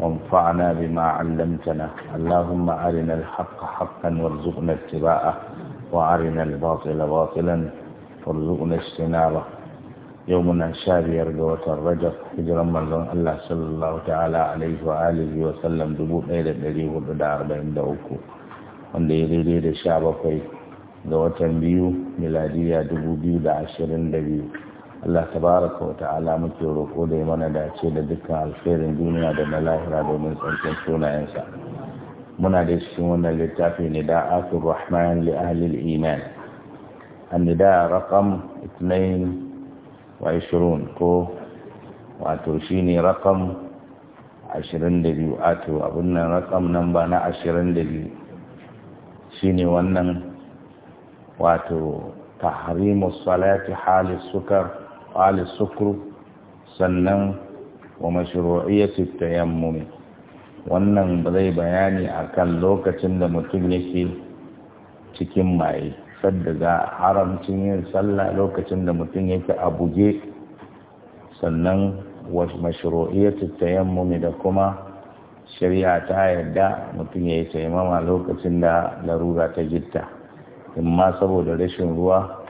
وانفعنا بما علمتنا اللهم أرنا الحق حقا وارزقنا اتباعه وأرنا الباطل باطلا وارزقنا اجتنابه يومنا شابير قوة الرجب هجرا من الله صلى الله تعالى عليه وآله وسلم دبوء ليلة دليه ودار بين دوكو wanda ya daidai da sha bakwai ga watan biyu miladiya dubu biyu da ashirin da biyu Allah tabaraka wa ta'ala muke roƙo da ya mana dace da dukkan alkhairin duniya da na lahira domin tsarkin sunayensa muna da cikin wannan littafi ne da afir rahman li ahli iman annida raqam 22 ko wato shi shine raqam 22 wato abun nan raqam namba na 22 ne wannan wato tahrimu salati hali sukar ali sukru sannan wa mashru'iyyati tayammum wannan zai bayani a kan lokacin da mutum yake cikin maye sadda za haramcin yin sallah lokacin da mutum yake a buge sannan wa mashru'iyyati tayammum da kuma shari'a ta yarda mutum ya yi taimama lokacin da larura ta gitta in ma saboda rashin ruwa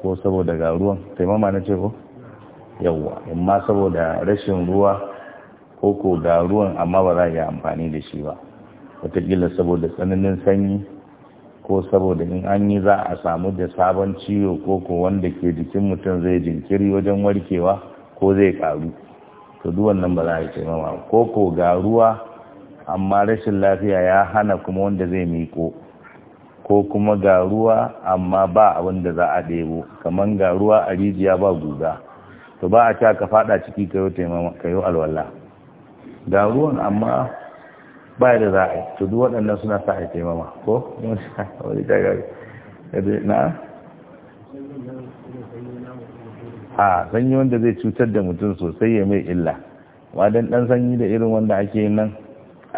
ko saboda ga ruwan taimama na ce ko yawwa amma saboda rashin ruwa ko ko ga ruwan amma ba za a yi amfani da shi ba wataƙila saboda tsananin sanyi ko saboda in an yi za a samu da sabon ciwo ko ko wanda ke jikin mutum zai jinkiri wajen warkewa ko zai karu to duwan nan ba za a yi taimama ko ko ga ruwa amma rashin lafiya ya hana kuma wanda zai miko. ko kuma ga ruwa amma ba abin da za a ɗebo kamar ga ruwa a rijiya ba guga to ba a ca ka fada ciki ka yi alwala ga ruwan amma ba da za a to duk waɗannan suna sa a taimama ko wani tagari na a sanyi wanda zai cutar da mutum sosai ya mai illa wadan dan sanyi da irin wanda ake yin nan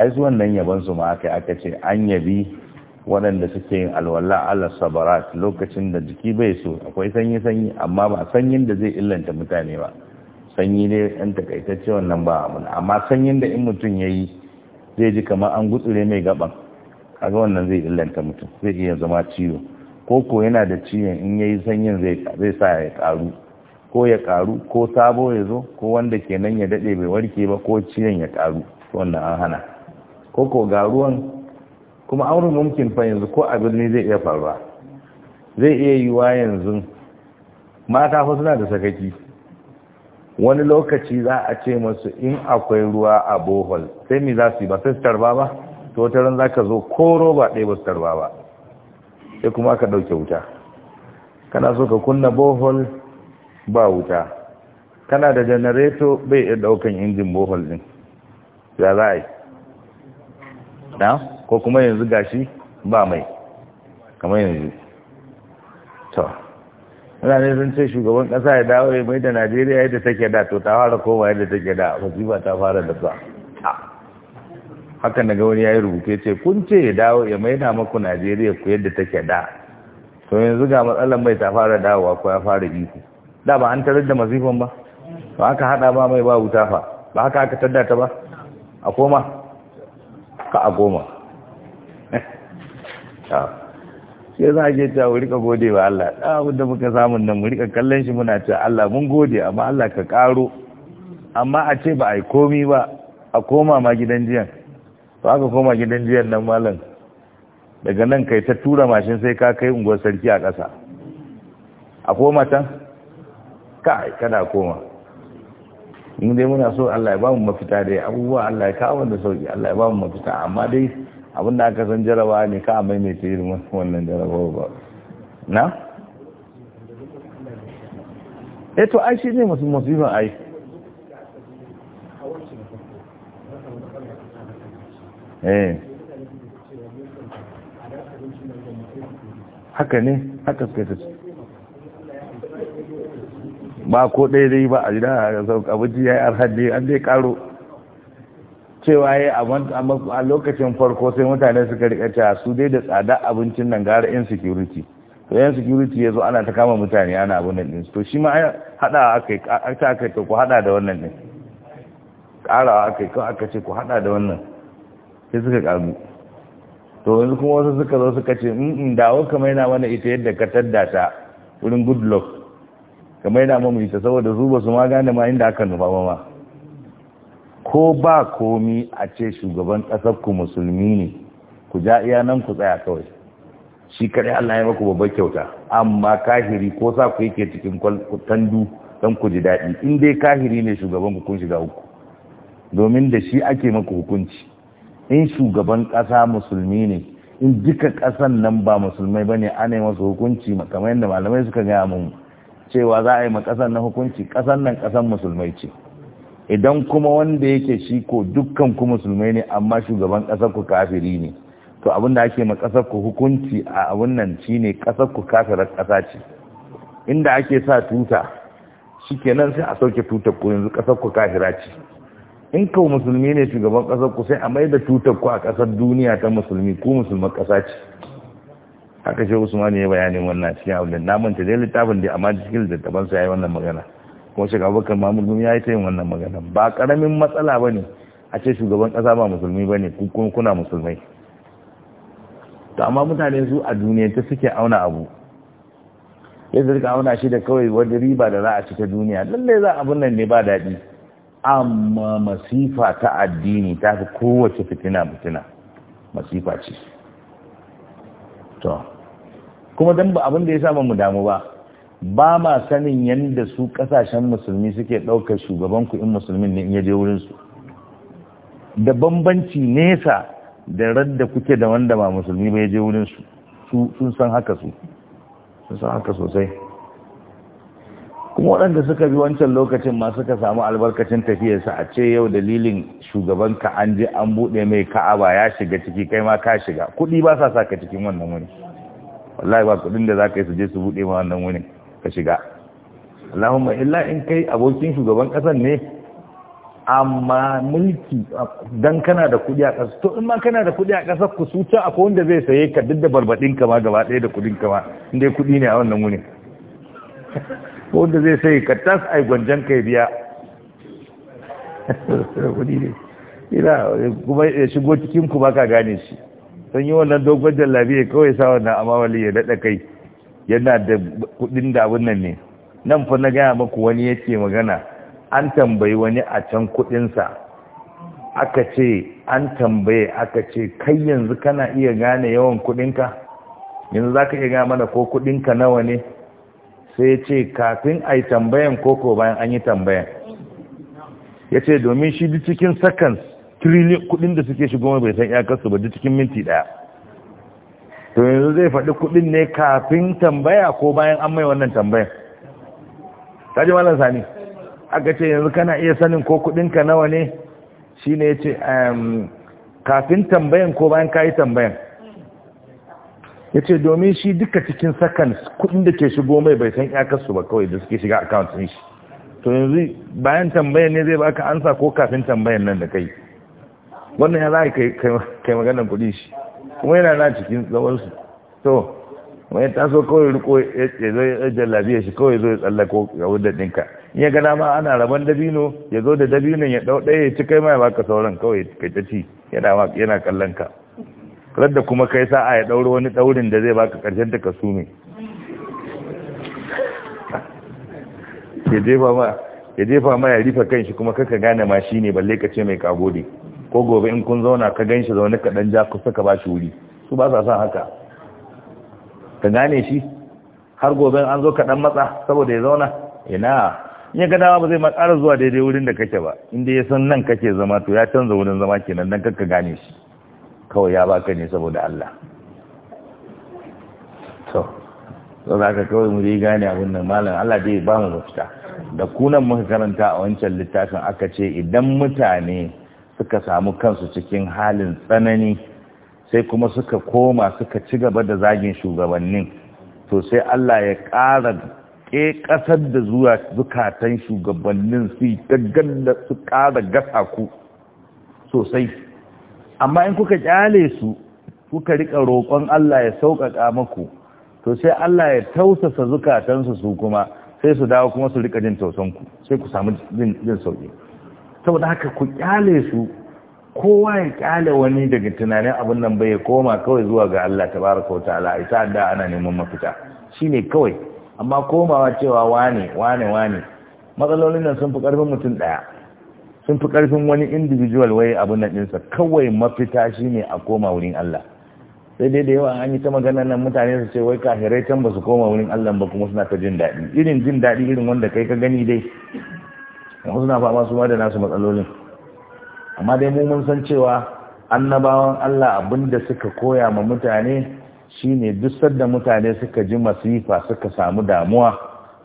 ai su wannan yaban su ma aka aka ce an yabi waɗanda suke yin alwala ala sabarat lokacin da jiki bai so akwai sanyi-sanyi amma ba sanyin da zai illanta mutane ba sanyi ne yan takaitacce wannan ba muna amma sanyin da in mutum ya yi zai ji kamar an gutsure mai gaban kaga wannan zai illanta mutum zai iya zama ciwo ko ko yana da ciwon in ya yi sanyin zai sa ya karu ko ya karu ko sabo ya zo ko wanda kenan ya daɗe bai warke ba ko ciwon ya karu wannan an hana ko ko ga ruwan kuma aurin mumkin fa yanzu ko a birni zai iya faruwa zai iya yiwa yanzu mata fa suna da sakaki wani lokaci za a ce masu in akwai ruwa a bohol sai mi za su yi ba sai su tarba ba to wata ran za ka zo ko roba ɗaya ba su tarba ba sai kuma ka ɗauke wuta kana so ka kunna bohol ba wuta kana da janareto bai iya ɗaukan injin bohol ɗin ya za a yi na? ko kuma yanzu gashi ba mai kamar yanzu to ne sun ce shugaban kasa ya dawo ya mai da najeriya yadda take da to ta fara koma yadda take da wasifa ta fara da ba hakan daga wani ya yi rubutu ce kun ce ya dawo ya mai da maku najeriya ku yadda take da to yanzu ga matsalar mai ta fara dawowa ko ya fara iko da ba an tarar da masifan ba ba aka hada ba mai ba wuta fa ba haka aka tadda ta ba a koma ka a goma sai za a ke cewa mu rika gode wa Allah abin da muka samu nan mu rika kallon shi muna cewa Allah mun gode amma Allah ka karo amma a ce ba a yi komi ba a koma ma gidan jiyan to aka koma gidan jiyan nan malam daga nan kai ta tura mashin sai ka kai unguwar sarki a ƙasa a koma ta kai kada koma in dai muna so Allah ya ba mu mafita dai abubuwa Allah ya kawo da sauki Allah ya ba mu mafita amma dai abinda aka san jaraba ne ka a maimaita irin wannan jarabawa ba na? eto eh ai shi ne masu musibin ai eh haka ne haka suka ta ba ko ɗaya dai ba a jira a sauƙa abinci ya yi arhadi an dai ƙaro cewa ya a lokacin farko sai mutane suka rika cewa su dai da tsada abincin nan gara yan security to yan security ya zo ana ta kama mutane ana abin nan ɗin to shi ma haɗa aka ta aka ce ku haɗa da wannan ɗin ƙara aka yi kan aka ce ku haɗa da wannan sai suka ƙaru to yanzu kuma wasu suka zo suka ce in dawo kamar yana mana ita yadda ka tadda ta wurin good luck kamar yana mamu ita saboda su ba su ma gane ma inda aka nufa ma ko ba komi a ce shugaban ƙasar ku musulmi ne ku ja iya nan ku tsaya kawai shi kare Allah ya maku babbar kyauta amma kahiri ko sa ku yake cikin tandu dan ku ji daɗi in dai kahiri ne shugaban ku kun shiga uku domin da shi ake maku hukunci in shugaban ƙasa musulmi ne in duka ƙasan nan ba musulmai bane ana yi masu hukunci kamar yadda malamai suka gaya mun cewa za a yi ma ƙasan nan hukunci ƙasan nan ƙasan musulmai ce idan kuma wanda yake shi ko dukkan ku musulmai ne amma shugaban ƙasar ku kafiri ne to abin da ake ma ƙasar ku hukunci a abin nan shine ƙasar ku kafirar ƙasa ce inda ake sa tuta shi nan sai a sauke tutar ku yanzu ƙasar ku kafira ce in ku musulmi ne shugaban ƙasar ku sai a mai da tutar ku a ƙasar duniya ta musulmi ku musulman ƙasa ce haka shi usman ya bayanin wannan cikin abin da na manta dai littafin da amma cikin littattafansa ya yi wannan magana kuma shiga bakar ma ya yi ta yin wannan magana ba karamin matsala ba ne a ce shugaban kasa ba musulmi ba ne kuna musulmai to amma mutane su a duniya ta suke auna abu ya zirka auna shi da kawai wani riba da za a ci ta duniya lallai za abin nan ne ba daɗi amma masifa ta addini ta fi kowace fitina fitina masifa ce to kuma don ba abin da ya sa mu damu ba ba ma sanin yadda su kasashen musulmi suke ɗaukar shugaban ku in musulmin ne in ya je wurinsu da bambanci nesa da radda kuke da wanda ba musulmi ba ya je wurinsu sun san haka su sun san haka sosai kuma waɗanda suka bi wancan lokacin ma suka samu albarkacin tafiyarsa a ce yau dalilin shugaban ka an je an buɗe mai ka'aba ya shiga ciki kai ma ka shiga kuɗi ba sa ka cikin wannan wani wallahi ba kuɗin da za ka yi su je su buɗe ma wannan wani ka shiga Allahumma illa in kai abokin shugaban kasar ne amma mulki dan kana da kuɗi a kasar to in ma kana da kuɗi a ƙasar ku suta akwai wanda zai saye ka duk da barbaɗin ka ma gaba ɗaya da kuɗin ka ma inda kuɗi ne a wannan wuni ko wanda zai saye ka tas ai gwanjan kai biya ne ina kuma ya shigo cikin ku baka gane shi sun yi wannan dogon jallabi ya kawai sa wannan amawali ya daɗa kai yana da kudin da abin nan ne nan fa na gaya maku wani yake magana an tambayi wani a can kudinsa aka ce an tambaye aka ce kai yanzu kana iya gane yawan kudinka yanzu za ka iya gane mana ko kudinka nawa ne sai ya ce kafin a yi tambayan koko bayan an yi tambayan ya ce domin shi duk cikin seconds kudin da suke shigo bai san iyakarsu ba duk cikin minti daya to yanzu zai faɗi kuɗin ne kafin tambaya ko bayan an mai wannan Ta kaji malar sani aka ce yanzu kana iya sanin ko kuɗinka nawa ne shi ne ya ce kafin tambayan ko bayan kayi tambayan ya ce domin shi duka cikin sakan kuɗin da ke shigo mai bai san kasu ba kawai da suke shiga akawuntin shi to yanzu bayan tambayan ne zai baka ansa ko kafin tambayan nan da kai wannan ya za a kai maganar kuɗi shi kuma yana na cikin tsawonsu to ya taso kawai riko ya zo ya jallabiya shi kawai zo ya tsallako ga wadda ɗinka in ya gana ma ana rabon dabino ya zo da dabinon ya ɗau ɗaya ya ci kai ma ya baka sauran kawai kai ta ci yana kallon ka radda kuma kai sa'a ya ɗauro wani ɗaurin da zai baka ƙarshen ta ka sume ya jefa ma ya rufe kan shi kuma kaka gane ma shi ne balle ka ce mai kagode ko gobe in kun zauna ka gan shi zaune kaɗan ja kusa ka ba shi wuri su ba sa son haka ka gane shi har gobe an zo kaɗan matsa saboda ya zauna ina in ya gada ba zai matsara zuwa daidai wurin da kake ba inda ya san nan kake zama to ya canza wurin zama kenan dan ka gane shi kawai ya baka ne saboda Allah to to za ka kawai mu gane abin nan malam Allah dai ba mu mafita da kunan muka karanta a wancan littafin aka ce idan mutane suka samu kansu cikin halin tsanani sai kuma suka koma suka ci gaba da zagin shugabannin to sai Allah ya ƙara ke ƙasar da zuwa zukatan shugabannin su da su ƙara gasa ku sosai amma in kuka ƙyale su kuka riƙa roƙon Allah ya sauƙaƙa maku to sai Allah ya tausasa zukatansu su kuma sai su dawo kuma su riƙa jin tausanku sai ku samu jin sauƙi saboda haka ku kyale su kowa ya kyale wani daga tunanin abin nan bai koma kawai zuwa ga Allah tabaraka wataala ai ta da ana neman mafita shine kawai amma komawa cewa wane wane wane matsalolin nan sun fi karfin mutum daya sun fi karfin wani individual wai abin nan dinsa kawai mafita shine a koma wurin Allah sai dai da yawa an yi ta magana nan mutane su ce wai kafirai can ba su koma wurin Allah ba kuma suna ta jin daɗi irin jin daɗi irin wanda kai ka gani dai wasu suna fama su ma da nasu matsalolin amma dai mun san cewa annabawan Allah abinda suka koya ma mutane shine duk sadda mutane suka ji masifa suka samu damuwa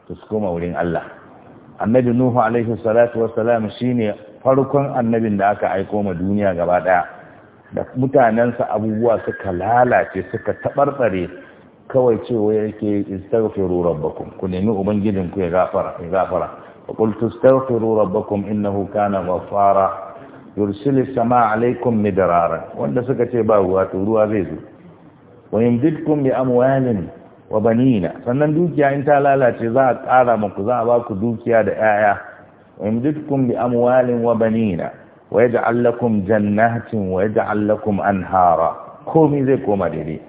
to su koma wurin Allah annabi nuhu alaihi salatu wassalam shine farkon annabin da aka aiko ma duniya gaba daya da mutanensa abubuwa suka lalace suka tabarbare kawai cewa yake istaghfiru rabbakum ku nemi ubangijinku ya gafara ya gafara فقلت استغفروا ربكم إنه كان غفارا يرسل السماء عليكم مدرارا وأن سكتي باهو أتولوا أبيزو ويمددكم بأموال وبنين sannan dukiya in ta lalace za a ƙara muku za a ba ku dukiya da 'ya'ya wa yamdidkum bi amwalin wa banina wa yaj'al lakum jannatin wa yaj'al lakum anhara komai zai koma daidai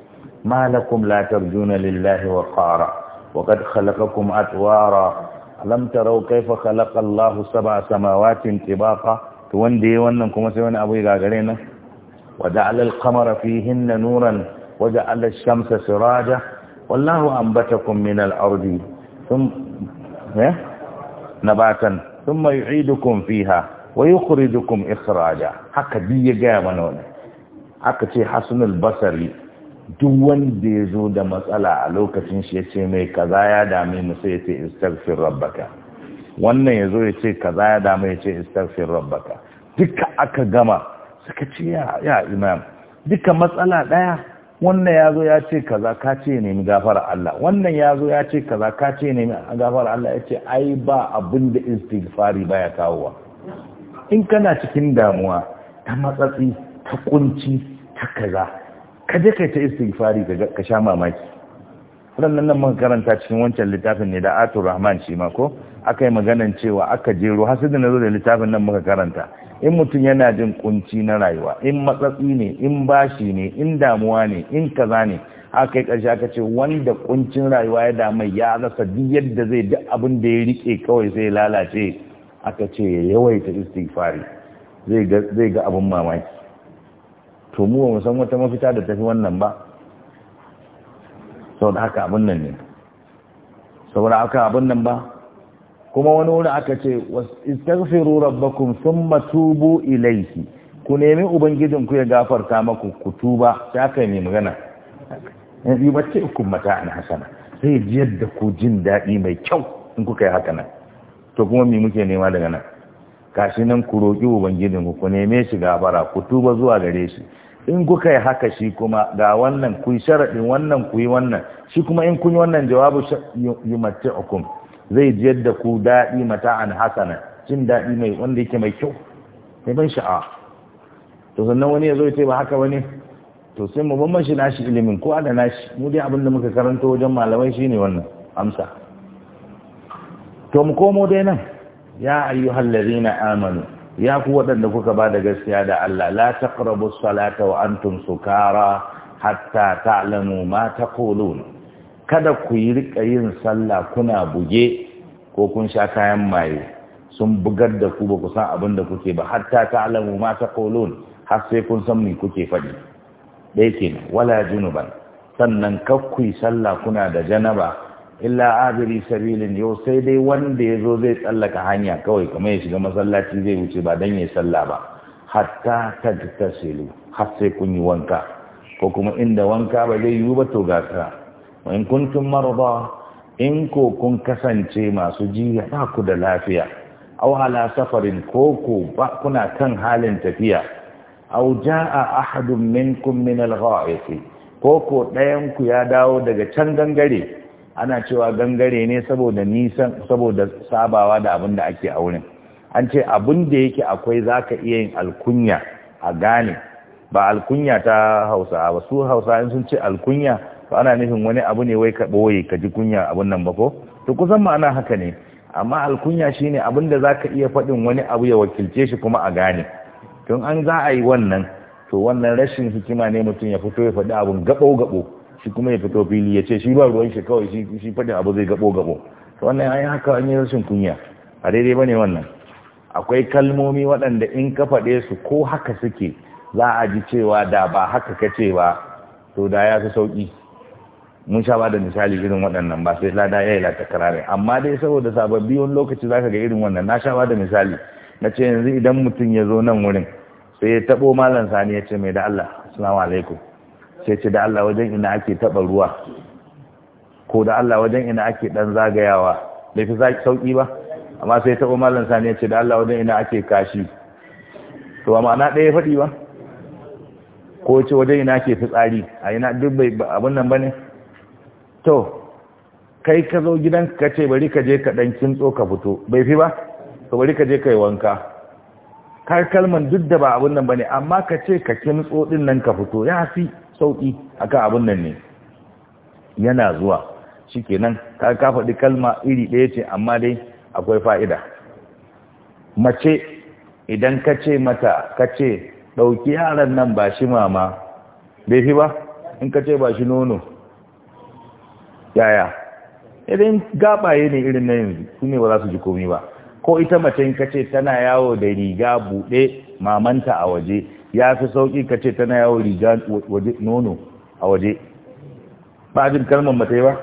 malakum latar juna lillahi wa qara atwara لم تروا كيف خلق الله سبع سماوات طباقا توان إيه ديوان كما سيوان أبوي غاقرين ودعل القمر فيهن نورا وجعل الشمس سراجا والله أنبتكم من الأرض ثم نباتا ثم يعيدكم فيها ويخرجكم إخراجا حكا دي جابنون حكا تي حسن البصري duk wanda ya zo da matsala a lokacin shi ya ce mai kaza ya dame mu sai ya ce istaghfir rabbaka wannan ya zo ya ce kaza ya dame ya ce istaghfir rabbaka duka aka gama suka ce ya ya imam duka matsala daya wannan ya zo ya ce kaza ka ce nemi gafara Allah wannan ya zo ya ce kaza ka ce nemi gafara Allah ya ce ai ba abin da istighfari kawo kawowa in kana cikin damuwa ta matsatsi ta kunci ta kaza ka je kai ta istighfari ka sha mamaki waɗannan nan mun karanta cikin wancan littafin ne da Atur Rahman shi ma ko aka maganan cewa aka jero hasidin na zo da littafin nan muka karanta in mutum yana jin kunci na rayuwa in matsatsi ne in bashi ne in damuwa ne in kaza ne akai yi aka ce wanda kuncin rayuwa ya mai ya rasa duk yadda zai duk abin da ya rike kawai sai lalace aka ce ya yawaita istighfari zai ga abin mamaki to mu ba san wata mafita da tafi wannan ba saboda haka abin nan ne saboda haka abin nan ba kuma wani wuri aka ce istaghfiru rabbakum thumma tubu ilayhi ku nemi ubangijin ku ya gafarta maku ku tuba sai aka yi magana yanzu ce ku mata an hasana sai jiyar da ku jin daɗi mai kyau in kuka yi haka nan to kuma me muke nema daga nan kashi nan ku roƙi ubangijin ku ku neme shi gafara ku tuba zuwa gare shi in kuka yi haka shi kuma ga wannan ku yi sharaɗin wannan ku yi wannan shi kuma in kun yi wannan jawabu yi mace hukum zai jiyar da ku daɗi mata an hasana jin daɗi mai wanda yake mai kyau mai ban sha'awa. to sannan wani ya zo ya ba haka wani to sai mu ban shi nashi ilimin ko da nashi mu dai abin da muka karanta wajen malamai shine wannan amsa to mu komo dai nan ya ayyuhallazina amanu ya ku waɗanda kuka ba da gaskiya da Allah la taqrabu salata wa antum sukara hatta ta'lamu ma taqulun kada ku yi rika yin sallah kuna buge ko kun sha kayan maye sun bugar da ku ba ku san abin da kuke ba hatta ta'lamu ma taqulun har sai kun san me kuke faɗi dai kenan wala junuban sannan kakkui sallah kuna da janaba illa abiri sabilin yau sai dai wanda ya zo zai tsallaka hanya kawai kamar ya shiga masallaci zai wuce ba don ya sallah ba hatta ta tasilu har sai kun yi wanka ko kuma inda wanka ba zai yiwu ba to gasa in kuntum marada in ko kun kasance masu jiya ba ku da lafiya aw ala safarin ko ko ba kuna kan halin tafiya aw jaa ahadun minkum min al ko ko ɗayan ku ya dawo daga can gangare ana cewa gangare ne saboda nisan saboda sabawa da abin da ake a wurin an ce abin da yake akwai zaka iya yin alkunya a gane ba alkunya ta hausa ba su hausa in sun ce alkunya ba ana nufin wani abu ne wai ka boye ka ji kunya abin nan ba ko to kusan ma'ana haka ne amma alkunya shine abin da zaka iya faɗin wani abu ya wakilce shi kuma a gane tun an za a yi wannan to wannan rashin hikima ne mutum ya fito ya faɗi abin gaɓo gaɓo? shi kuma ya fito fili ya ce shi ba ruwan shi kawai shi faɗin abu zai gabo gabo to wannan ai haka an yi rashin kunya a daidai bane wannan akwai kalmomi waɗanda in ka faɗe su ko haka suke za a ji cewa da ba haka ka ce ba to da ya fi sauƙi mun sha ba da misali irin waɗannan ba sai lada ya yi lata amma dai saboda sababbi wani lokaci za ka ga irin wannan na sha ba da misali na ce yanzu idan mutum ya zo nan wurin sai ya taɓo malam sani ya ce mai da Allah assalamu alaikum sai ce da Allah wajen ina ake taɓa ruwa ko da Allah wajen ina ake ɗan zagayawa bai fi sauƙi ba amma sai taɓa malam sani ya ce da Allah wajen ina ake kashi to ba ma'ana ɗaya faɗi ba ko ce wajen ina ake fitsari a ina duk bai abin nan ba ne to kai ka zo gidan ka ce bari ka je ka ɗan kintso ka fito bai fi ba to bari ka je ka yi wanka kar kalman duk da ba abin nan ba ne amma ka ce ka kintso ɗin nan ka fito ya fi sauki kan abin nan ne yana zuwa shi nan ka ka faɗi kalma iri ɗaya ce amma dai akwai fa'ida mace idan ka ce mata ka ce ɗauki yaran nan ba shi mama bai fi ba in ka ce ba shi nono yaya idan gabaye ne irin na yanzu su ne ba za su ji komi ba ko ita mace in ka ce tana yawo da riga buɗe mamanta a waje ya fi sauƙi ka ce tana yawo riga nono a waje ba jin kalmar mata yi ba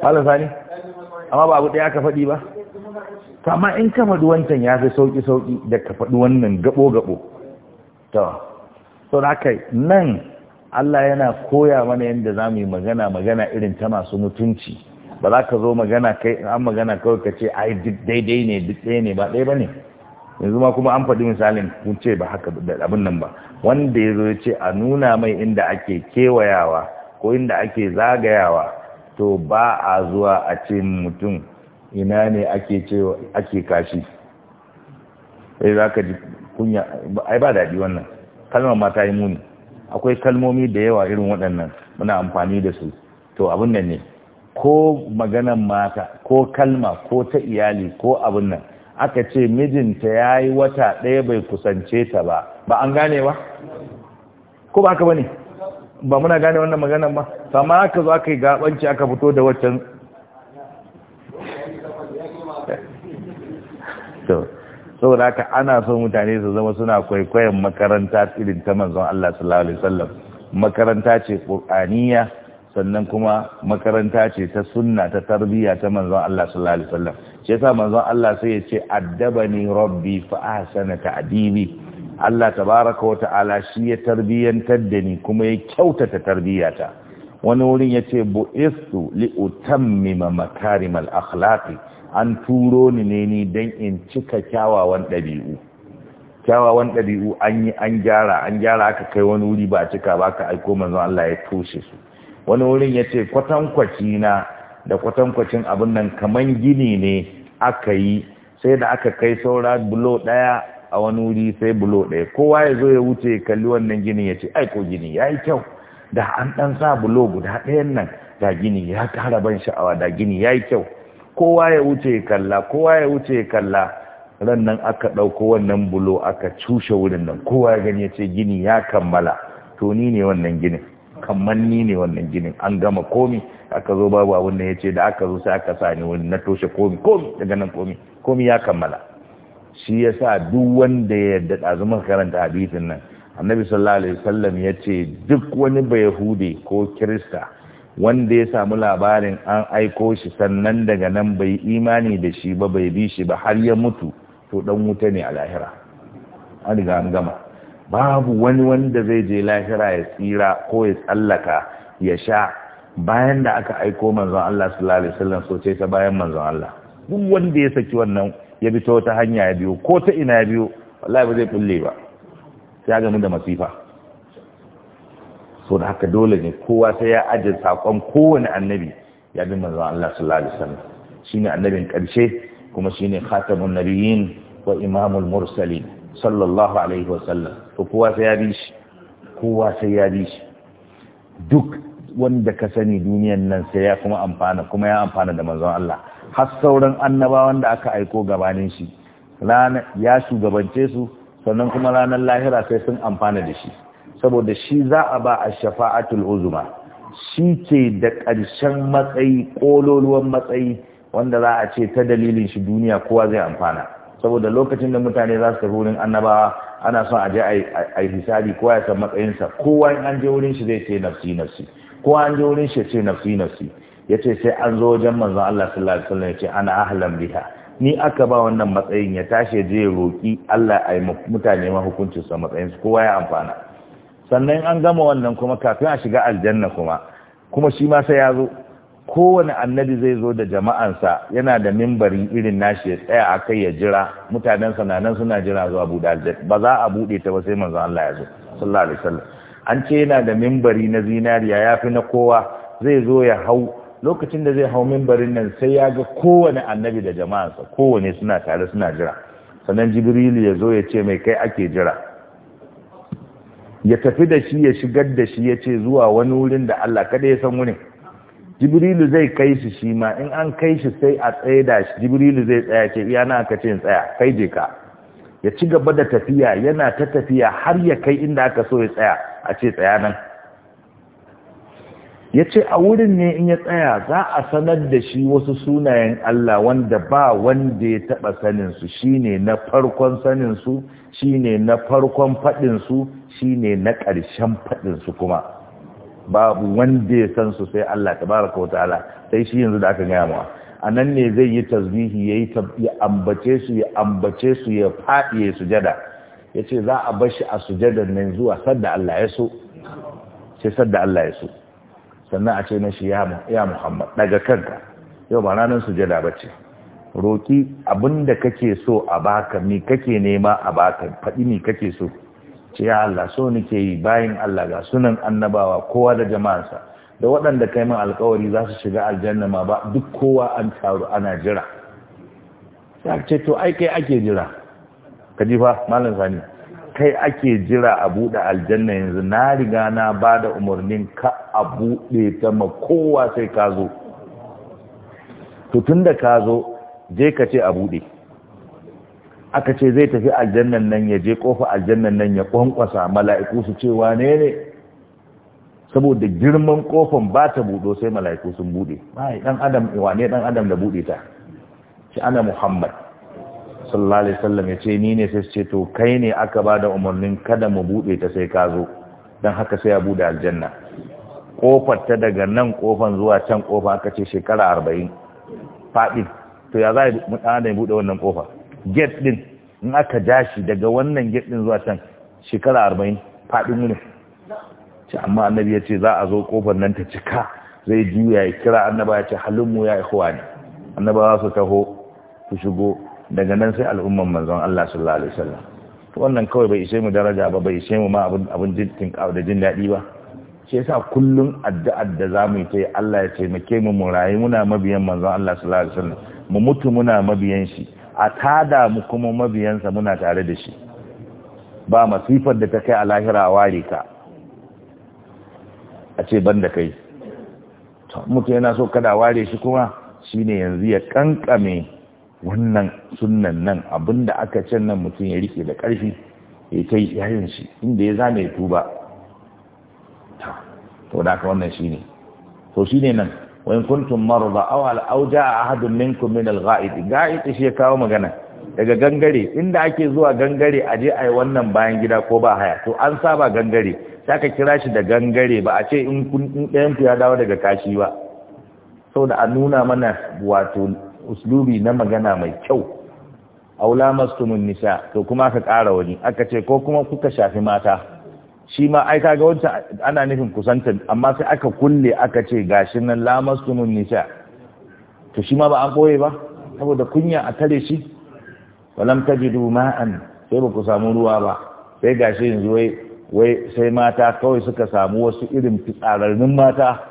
falasa ne amma ba abu ɗaya ka faɗi ba amma in ka faɗi wancan ya fi sauƙi-sauƙi da ka faɗi wannan gabo-gabo to so da nan Allah yana koya mana yadda za mu yi magana magana irin ta masu mutunci ba za ka zo magana kai an magana kawai ka ce ai daidai ne duk ɗaya ne ba ɗaya ba ne yanzu ma kuma an faɗi misalin kun ce ba haka da abin nan ba wanda ya zo ya ce a nuna mai inda ake kewayawa ko inda ake zagayawa to ba a zuwa a ce mutum ina ne ake cewa ake kashi sai za ka ji kunya ai ba daɗi wannan kalmar ma ta yi muni akwai kalmomi da yawa irin waɗannan muna amfani da su to abin nan ne ko maganan mata ko kalma ko ta iyali ko abin nan aka ce mijinta ya yi wata ɗaya bai kusance ta ba ba an gane ba ko ba aka ba ne ba muna gane wannan maganan ba sama aka zo aka yi gabanci aka fito da waccan da aka ana son mutane su zama suna kwaikwayon makaranta irin ta manzon Allah sallallahu alaihi wasallam makaranta ce ƙur'aniya sannan kuma makaranta ce ta sunna ta tarbiyya ta manzon Allah sallallahu alaihi wasallam shi yasa manzon Allah sai ya ce addabani rabbi fa ahsana ta'dibi Allah tabaaraka wa ta'ala shi ya tarbiyantar da ni kuma ya kyautata tarbiyata wani wurin yace bu'istu li utammima makarimal akhlaqi an turo ni ne ni dan in cika kyawawan dabi'u kyawawan dabi'u an yi an gyara an gyara aka kai wani wuri ba cika ba ka aiko manzon Allah ya toshe su wani wurin yace kwatankwaci na da kwatankwacin abin nan kaman gini ne aka yi sai da aka kai saura bulo ɗaya a wani wuri sai bulo ɗaya kowa ya zo ya wuce kalli wannan gini ya ce ai gini ya yi kyau da an ɗan sa bulo guda ɗayan nan da gini ya tara ban sha'awa da gini ya yi kyau kowa ya wuce kalla kowa ya wuce kalla ran nan aka ɗauko wannan bulo aka cushe wurin nan kowa ya gani ya ce gini ya kammala to ni ne wannan ginin kamar ni ne wannan ginin an gama komi aka zo babu abin da ya ce da aka zo sai aka sa wani na toshe komi komi daga nan komi komi ya kammala shi ya sa duk wanda ya yarda zama karanta hadisin nan annabi sallallahu alaihi wasallam ya ce duk wani bayahude ko kirista wanda ya samu labarin an aiko shi sannan daga nan bai imani da shi ba bai bi shi ba har ya mutu to dan wuta ne a lahira an riga an gama babu wani wanda zai je lahira ya tsira ko ya tsallaka ya sha bayan da aka aiko manzon Allah sallallahu alaihi wasallam so ce ta bayan manzon Allah duk wanda ya saki wannan ya bi ta wata hanya ya biyo ko ta ina ya biyo wallahi ba zai kulle ba sai ga da masifa so da haka dole ne kowa sai ya ajiye sakon kowane annabi ya bi manzon Allah sallallahu alaihi wasallam shine annabin karshe kuma shine khatamun nabiyyin wa imamul mursalin sallallahu alaihi wasallam to kowa sai ya bi shi kowa sai ya bi shi duk wanda ka sani duniyan nan sai ya kuma amfana kuma ya amfana da manzon Allah har sauran annabawan da aka aiko gabanin shi ya shugabance su sannan kuma ranar lahira sai sun amfana da shi saboda shi za a ba a shafa'atul uzuma shi ke da karshen matsayi ƙololuwan matsayi wanda za a ce ta dalilin shi duniya kowa zai amfana saboda lokacin da mutane za su tafi wurin annabawa ana son a je a yi hisabi kowa ya san matsayinsa kowa in an je wurin shi zai ce nafsi nafsi ko an je wurin shi ce nafsi nafsi ya ce sai an zo wajen manzon Allah sallallahu alaihi wasallam ya ce ana ahlan biha ni aka ba wannan matsayin ya tashi je roki Allah a yi mutane ma hukuncin sa matsayinsu kowa ya amfana sannan an gama wannan kuma kafin a shiga aljanna kuma kuma shi ma sai ya zo kowane annabi zai zo da jama'ansa yana da mimbari irin nashi ya tsaya a kai ya jira mutanen na suna jira zuwa buɗe aljanna ba za a buɗe ta ba sai manzo Allah ya zo sallallahu alaihi wasallam an ce yana da mimbari na zinariya ya fi na kowa zai zo ya hau lokacin da zai hau mimbarin nan sai ya ga kowane annabi da jama'ansa kowane suna tare suna jira sannan jibrilu ya zo ya ce mai kai ake jira ya tafi da shi ya shigar da shi ya ce zuwa wani wurin da Allah kada ya san wurin jibrilu zai kai shi shi ma in an kai shi sai a tsaye da shi jibrilu zai tsaya ce iya na aka ce tsaya kai je ka ya ci gaba da tafiya yana ta tafiya har ya kai inda aka so ya tsaya a ce tsaya nan ya ce a wurin ne in ya tsaya za a sanar da shi wasu sunayen Allah wanda ba wanda ya taɓa saninsu shi ne na farkon saninsu shi ne na farkon faɗinsu shi ne na ƙarshen faɗinsu kuma babu wanda ya san su sai Allah tabaraka wataala sai shi yanzu da aka gaya mu a nan ne zai yi tasbihi yayi ya ambace su ya ambace su ya fadi ya sujada yace za a bar shi a sujadar nan zuwa sadda Allah ya so sai sadda Allah ya so sannan a ce na shi ya Muhammad daga kanka yau ba ranar sujada ba bace roki abinda kake so a baka ni kake nema a baka fadi ni kake so ce ya Allah so nake yi bayin Allah ga sunan annabawa kowa da jama'arsa da waɗanda kai min alkawari za su shiga aljanna ma ba duk kowa an taru ana jira ya ce to ai kai ake jira ka ji fa malam sani kai ake jira a buɗe aljanna yanzu na riga na ba da umarnin ka a buɗe ta ma kowa sai ka zo to tun da ka zo je ka ce a buɗe aka ce zai tafi aljannan nan ya je kofa aljannan nan ya kwankwasa mala'iku su ce wane ne saboda girman kofan ba ta budo sai mala'iku sun bude dan adam wane dan adam da bude ta ce ana muhammad sallallahu alaihi wasallam ya ce ni ne sai ce to kai ne aka ba da umarnin kada mu buɗe ta sai ka zo dan haka sai ya bude aljanna kofar ta daga nan kofan zuwa can kofa aka ce shekara 40 fadi to ya za mu dan adam bude wannan kofa gate din in aka ja shi daga wannan gate din zuwa can shekara arba'in fadin wurin ce amma annabi yace ce za a zo kofar nan ta cika zai juya ya kira annaba ya ce halinmu ya ikhwani ne annaba za su taho su shigo daga nan sai al'umman manzon Allah sallallahu alaihi wasallam wannan kawai bai ishe mu daraja ba bai ishe mu ma abin abin jin da jin daɗi ba shi yasa kullum addu'ar da zamu yi tai Allah ya taimake mu mu rayu muna mabiyan manzon Allah sallallahu alaihi wasallam mu mutu muna mabiyan shi a tada mu kuma mabiyansa muna tare da shi ba masifar da ta kai a lahira a ware ka a ce ban da kai mutu yana so kada ware shi kuma shi ne yanzu ya kankame wannan sunan nan abinda aka can nan mutum ya rike da ƙarfi ya kai yayin shi inda ya zame tuba to da aka wannan shi ne, to shi ne nan wa in kuntum marda aw al auja ahadun minkum min al ghaid ghaid shi ya kawo magana daga gangare inda ake zuwa gangare aje ai wannan bayan gida ko ba haya to an saba gangare saka kira shi da gangare ba a ce in kun ɗayan ku ya dawo daga kashi ba saboda a nuna mana wato uslubi na magana mai kyau aula mastumun nisa to kuma ka ƙara wani aka ce ko kuma kuka shafi mata shi ma ai kaga wacce ana nufin kusantar amma sai aka kulle aka ce gashi nan lamastumun nisa to shi ma ba an koye ba saboda kunya a tare shi walam tajidu ma'an sai baku ku samu ruwa ba sai gashi yanzu wai wai sai mata kawai suka samu wasu irin fitsararrun mata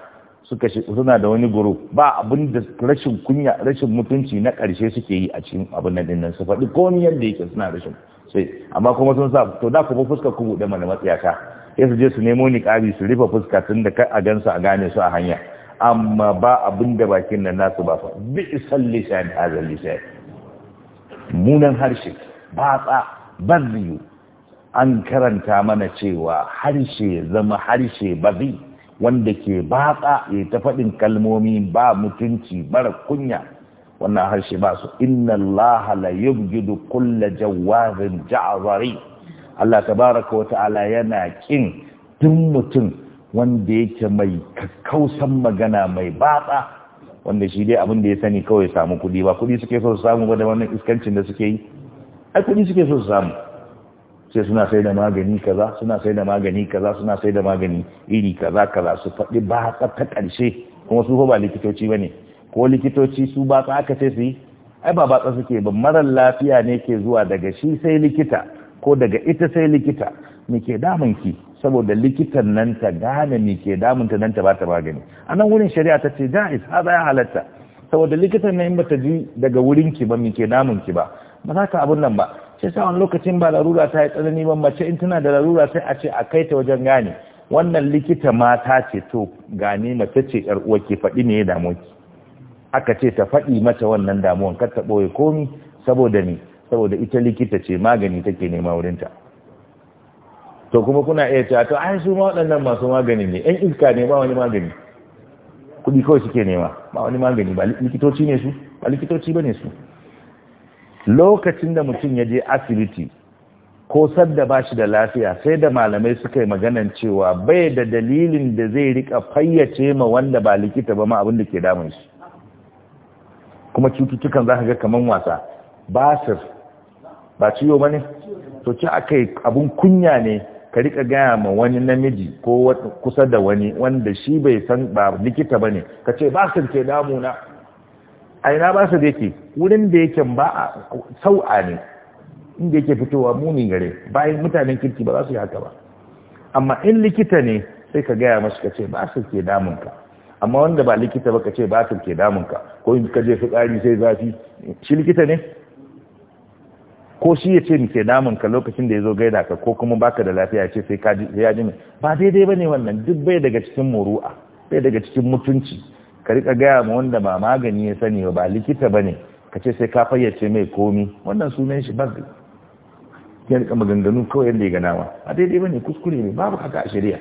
suka suna da wani guru ba abin da rashin kunya rashin mutunci na ƙarshe suke yi a cikin abin nan dinnan su faɗi komai yadda yake suna rashin sai amma kuma sun sa to da kuma fuskar ku buɗe mana matsiyaka ya su je su nemo niqabi su rufe fuska tun da a gansu a gane su a hanya amma ba abin da bakin nan nasu ba fa bi isal lisan hazal lisan munan harshe batsa baziyu an karanta mana cewa harshe zama harshe bazi wanda ke batsa ya ta faɗin kalmomi ba mutunci bara kunya wannan harshe ba su inna allaha la yubgidu kulla jawazin ja'zari Allah tabaraka wa ta'ala yana kin duk mutum wanda yake mai kakkausan magana mai batsa wanda shi dai abin da ya sani kawai samu kudi ba kudi suke so su samu ba da wannan iskancin da suke yi ai kudi suke so su samu sai suna sai da magani kaza suna sai da magani kaza suna sai da magani iri kaza kaza su faɗi ba ta ƙarshe kuma su ba likitoci bane ko likitoci su ba aka ce su yi ai ba batsa suke ba marar lafiya ne ke zuwa daga shi sai likita ko daga ita sai likita me ke damun ki saboda likitan nan ta gane me ke damun ta nan ta ba ta magani a nan wurin shari'a ta ce ja'iz za ya halatta saboda likitan nan in bata ji daga wurin ki ba me ke damun ki ba ba za ka abun nan ba sai sa wani lokacin ba larura ta yi tsanani ba mace in tana da larura sai a ce a kai ta wajen gane wannan likita mata ce to gane mace ce yar uwa ke faɗi me ya damu ki aka ce ta faɗi mata wannan damuwan kar ta ɓoye komi saboda ni saboda ita likita ce magani take nema wurinta to kuma kuna iya cewa to ai su ma waɗannan masu magani ne ɗan iska ne ba wani magani kuɗi kawai suke nema ba wani magani ba likitoci ne su ba likitoci ba ne su lokacin da mutum ya je asibiti ko sadda ba shi da lafiya sai da malamai suka yi maganan cewa bai da dalilin da zai rika fayyace ma wanda ba likita ba ma abin da ke damun shi kuma cututtukan za ka ga kaman wasa basir ba ciwo ba ne to ci aka yi abun kunya ne ka rika gaya ma wani namiji ko kusa da wani wanda shi bai san ba likita ba ne ka ce ba su ke damuna a ina ba su da yake wurin da yake ba a sau'a ne inda yake fitowa muni gare bayan mutanen kirki ba za su yi haka ba amma in likita ne sai ka gaya masu ka ce ba su ke damunka amma wanda ba likita ba ka ce ba su ke damunka ko in ka je fitsari sai zafi shi likita ne ko shi ya ce ni ke damun ka lokacin da ya zo gaida ka ko kuma baka da lafiya ce sai ka ya ji ba daidai bane wannan duk bai daga cikin muru'a bai daga cikin mutunci ka rika gaya ma wanda ba magani ya sani ba likita bane ka ce sai ka fayyace mai komi wannan sunan shi bazzi ya rika maganganu kawai yadda ya ganawa a daidai bane kuskure ne babu haka a shari'a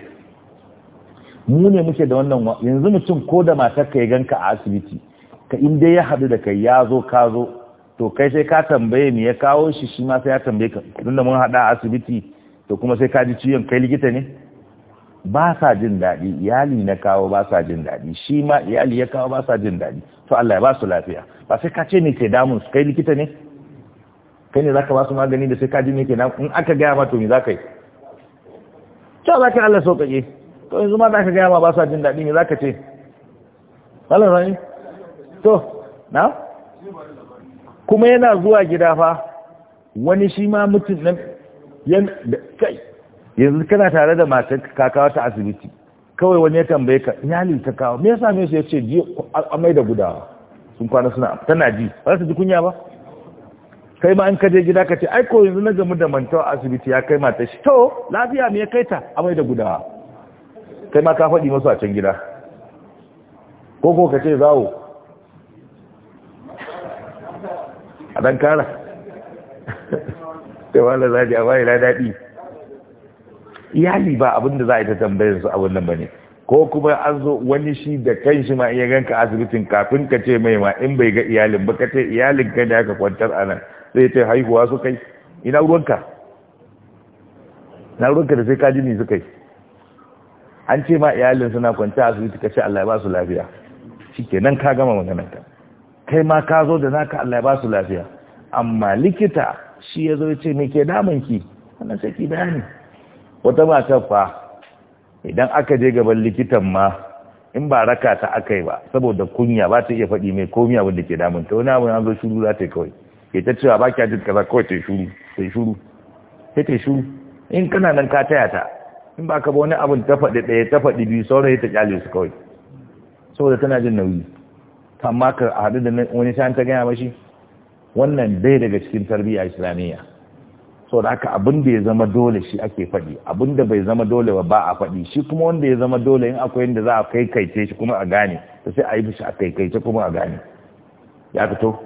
mu ne muke da wannan yanzu mutum ko da matar ka ya ganka a asibiti ka in dai ya haɗu da kai ya zo ka zo to kai sai ka tambaye ni ya kawo shi shi ma sai ya tambaye ka da mun hada a asibiti to kuma sai ka ji ciwon kai likita ne ba sa jin daɗi iyali na kawo ba sa jin daɗi shi ma iyali ya kawo ba sa jin daɗi to Allah ya ba su lafiya ba sai ka ce ne ke damun su kai likita ne kai ne zaka ba su magani da sai ka ji ne ke damun in aka gaya ma to me zaka yi to ka Allah sauƙaƙe to yanzu ma ka gaya ma ba sa jin daɗi me zaka ce Allah rai to na kuma yana zuwa gida fa wani shi ma mutum nan kai yanzu kana tare da matar kakawa ta asibiti kawai wani ya tambaye ka iyali ta kawo me yasa me ya ce ji amai da gudawa sun kwana suna tana ji ba su ji kunya ba kai ma an ka je gida ka ce ai ko yanzu na gamu da mantawa asibiti ya kai mata shi to lafiya me ya kai ta amai da gudawa kai ma ka faɗi masu a can gida ko ko ka ce zawo a ɗan kara da wala zaji a bayi daɗi iyali ba abinda da za a yi ta tambayar su abin nan ba ne ko kuma an zo wani shi da kan shi ma iya ganka asibitin kafin ka ce mai ma in bai ga iyalin ba ka ce iyalin ka ne aka kwantar a nan sai ta haihuwa su kai ina ruwanka na ruwanka da sai ka ji ni su kai an ce ma iyalin suna kwanta asibiti ka ce Allah ya ba su lafiya shi nan ka gama maganarka. kai ma ka zo da naka Allah ya ba su lafiya amma likita shi ya zo ya ce me ke damanki wannan sai ki bayani wata mata fa idan aka je gaban likitan ma in ba raka ta aka yi ba saboda kunya ba ta iya faɗi mai komi abin da ke damun ta wani abin an zo shuru za ta yi kawai ke ta cewa ba ki ajin kaza kawai ta yi shuru ta shuru sai ta shuru in kana nan ka taya ta in ba ka ba wani abin ta faɗi ɗaya ta faɗi biyu sauran ta kyale su kawai saboda tana jin nauyi amma ka haɗu da wani shan ta gaya mashi wannan bai daga cikin tarbiyya islamiyya Sau da haka abin da ya zama dole shi ake faɗi abin da bai zama dole ba ba a faɗi shi kuma wanda ya zama dole in akwai yadda za a kai kaice shi kuma a gane ta sai a yi shi a kai kaice kuma a gane ya fito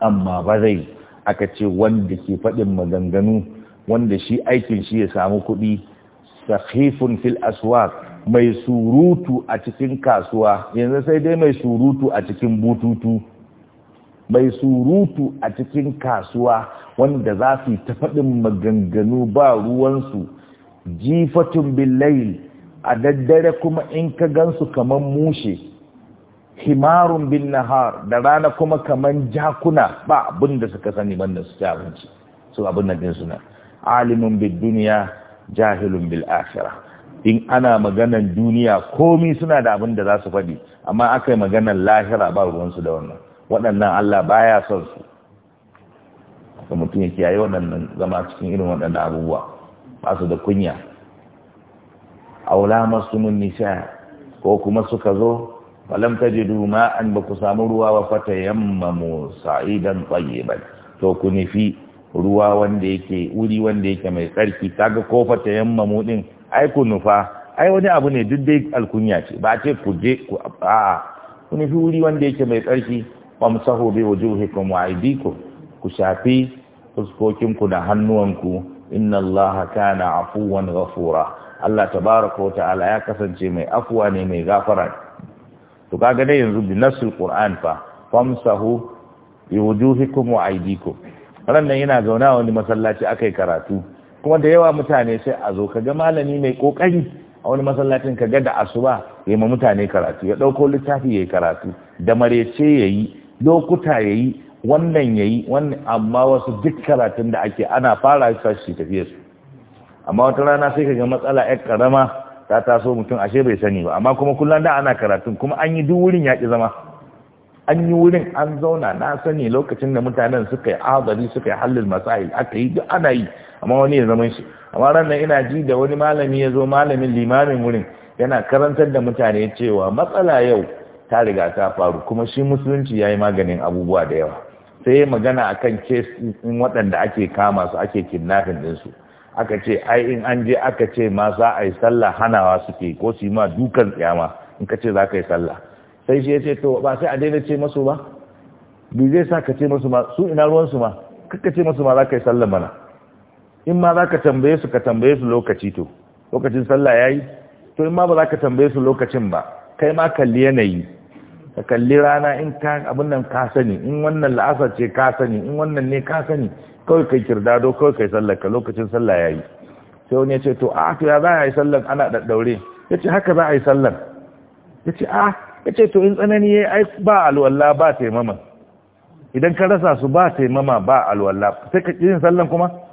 amma ba zai aka ce wanda ke faɗin maganganu wanda shi aikin shi ya samu kuɗi sahifun fil aswak mai surutu a cikin kasuwa yanzu sai dai mai surutu a cikin bututu mai surutu a cikin kasuwa wanda za su ta faɗin maganganu ba ruwansu jifatun billai a daddare kuma in ka gansu kaman mushe himarun bin nahar da rana kuma kaman jakuna ba abin da suka sani banda su abinci su abin da jinsu na alimin bil duniya jahilun bil akhirah in ana maganan duniya komi suna da abin da za su faɗi amma aka yi maganan lahira ba ruwansu da wannan waɗannan Allah baya son su da mutum ya kiyaye waɗannan zama cikin irin waɗannan abubuwa ba su da kunya A aula mun nisha ko kuma suka zo falam jidu ma'an ba ku samu ruwa wa fata yammamu sa'idan ba to ku nufi ruwa wanda yake wuri wanda yake mai tsarki kaga ko fata yammamu din ai ku nufa ai wani abu ne duk dai alkunya ce ba ce ku je ku a'a ku nufi wuri wanda yake mai tsarki famsahu bi wujuhikum wa aydikum ku shafi fuskokinku da hannuwanku inna allaha kana afuwan ghafura Allah tabaraka wa ta'ala ya kasance mai afuwa ne mai gafara to kaga dai yanzu bi nasul qur'an fa famsahu bi wujuhikum wa aydikum ran nan yana zauna wani masallaci akai karatu kuma da yawa mutane sai a zo ka ga malami mai kokari a wani masallacin ka ga da asuba ya ma mutane karatu ya dauko littafi yayi karatu da marece yayi lokuta yayi wannan yayi wannan amma wasu duk karatun da ake ana fara sa shi tafiya su amma wata rana sai kaga matsala yar karama ta taso mutum ashe bai sani ba amma kuma kullum da ana karatun kuma an yi duk wurin yaki zama an yi wurin an zauna na sani lokacin da mutanen suka yi azari suka yi hallin masahil aka yi duk ana yi amma wani ya zama shi amma ran nan ina ji da wani malami ya zo malamin limamin wurin yana karantar da mutane cewa matsala yau ta riga ta faru kuma shi musulunci ya yi maganin abubuwa da yawa sai ya magana a kan kesin waɗanda ake kama su ake kidnafin ɗinsu aka ce ai in an je aka ce ma za a yi sallah hanawa suke ko su yi ma dukan tsiyama in ka ce za ka yi sallah sai shi ya ce to ba sai a daina ce masu ba bi zai sa ka ce masu ma su ina ruwansu ma kakka ce masu ma za ka yi sallah mana in ma za ka tambaye su ka tambaye su lokaci to lokacin sallah ya yi to in ma ba za ka tambaye su lokacin ba kai ma kalli yanayi ka kalli rana in ka abin nan ka sani in wannan la'asar ce ka sani in wannan ne ka sani kawai kai kirdado kawai kai sallar ka lokacin sallah ya yi sai wani ya ce to a to ya za a yi sallar ana daddaure ya ce haka za a yi sallar ya ce a ya ce to in tsanani ya yi ba alwala ba taimama idan ka rasa su ba taimama ba alwala sai ka yin sallar kuma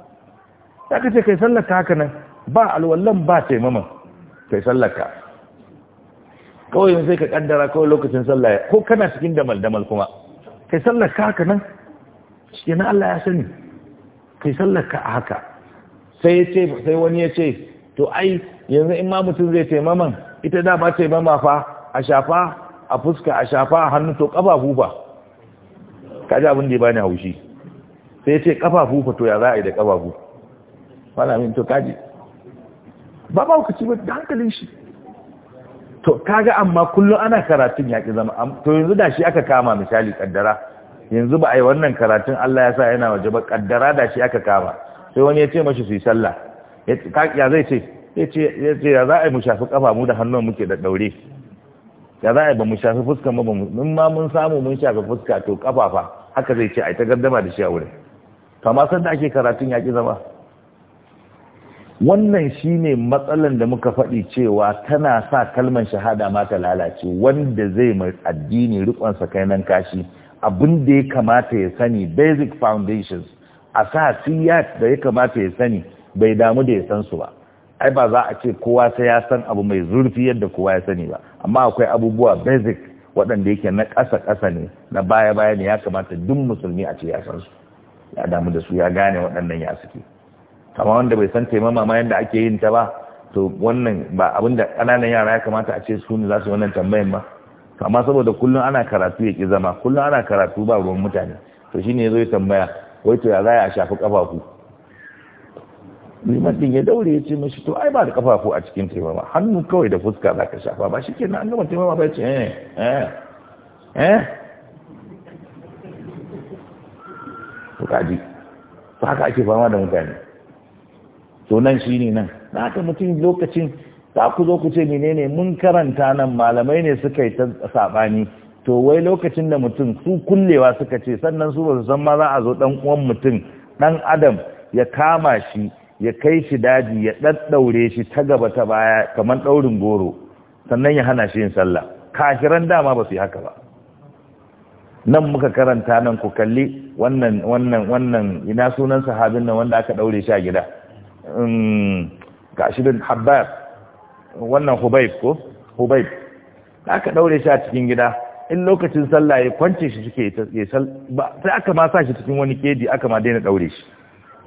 ya ka ce kai sallaka haka nan ba alwallon ba taimaman kai sallaka kawai sai ka kaddara kawai lokacin sallah ko kana cikin damal damal kuma kai sallaka haka nan shi na Allah ya sani kai sallaka haka sai ya ce sai wani ya ce to ai yanzu in ma mutum zai taimaman ita da ba taimama fa a shafa a fuska a shafa a hannu to kafa fufa kaji abin da ya bani haushi sai ya ce kafa fufa to ya za a yi da fufa min to kaji ba ba ku ci ba da hankalin shi to kaga amma kullum ana karatun yaƙi zama to yanzu da shi aka kama misali kaddara yanzu ba a yi wannan karatun Allah ya sa yana waje ba kaddara da shi aka kama sai wani ya ce mashi su yi sallah ya zai ce ya ce ya za a yi mu shafi kafa mu da hannun muke da daure ya za a yi ba mu shafi fuska ba mun ma mun samu mun shafi fuska to kafafa haka zai ce a yi ta gaddama da shi a wurin kama sanda ake karatun yaƙi zama wannan shine matsalan da muka faɗi cewa tana sa kalman shahada ma ta lalace wanda zai mai addini kai sakainan kashi abin da ya kamata ya sani basic foundations a sa siyat da ya kamata ya sani bai damu da ya san su ba ai ba za a ce kowa sai ya san abu mai zurfi yadda kowa ya sani ba amma akwai abubuwa basic waɗanda yake na ƙasa-ƙasa ne na baya-baya ne ya kamata duk musulmi a ce ya san su ya damu da su ya gane waɗannan ya suke amma wanda bai san taimama ma yadda ake yin ta ba to wannan ba abinda ƙananan yara ya kamata a ce su ne za su wannan tambayin ba amma saboda kullum ana karatu ya ki zama kullum ana karatu ba ruwan mutane to shine yazo ya tambaya wai to ya za a shafi kafafu liman din ya daure ya ce mashi to ai ba da kafafu a cikin taimama hannu kawai da fuska za ka shafa ba shi kenan an gama taimama ba ya ce eh eh eh to kaji to haka ake fama da mutane to nan shi ne nan da aka mutum lokacin za ku zo ku ce menene mun karanta nan malamai ne suka yi ta saɓani to wai lokacin da mutum su kullewa suka ce sannan su ba su san ma za a zo dan uwan mutum ɗan adam ya kama shi ya kai shi daji ya ɗaɗɗaure shi ta gaba ta baya kamar ɗaurin goro sannan ya hana shi yin sallah kafiran dama ba su yi haka ba nan muka karanta nan ku kalli wannan wannan wannan ina sunan sahabin nan wanda aka ɗaure shi a gida Um, gashi bin habbar wannan hubaib ko hubaib aka daure shi a cikin gida in lokacin sallah ya kwance shi suke ya sai aka ma sa shi cikin wani kedi aka ma daina daure shi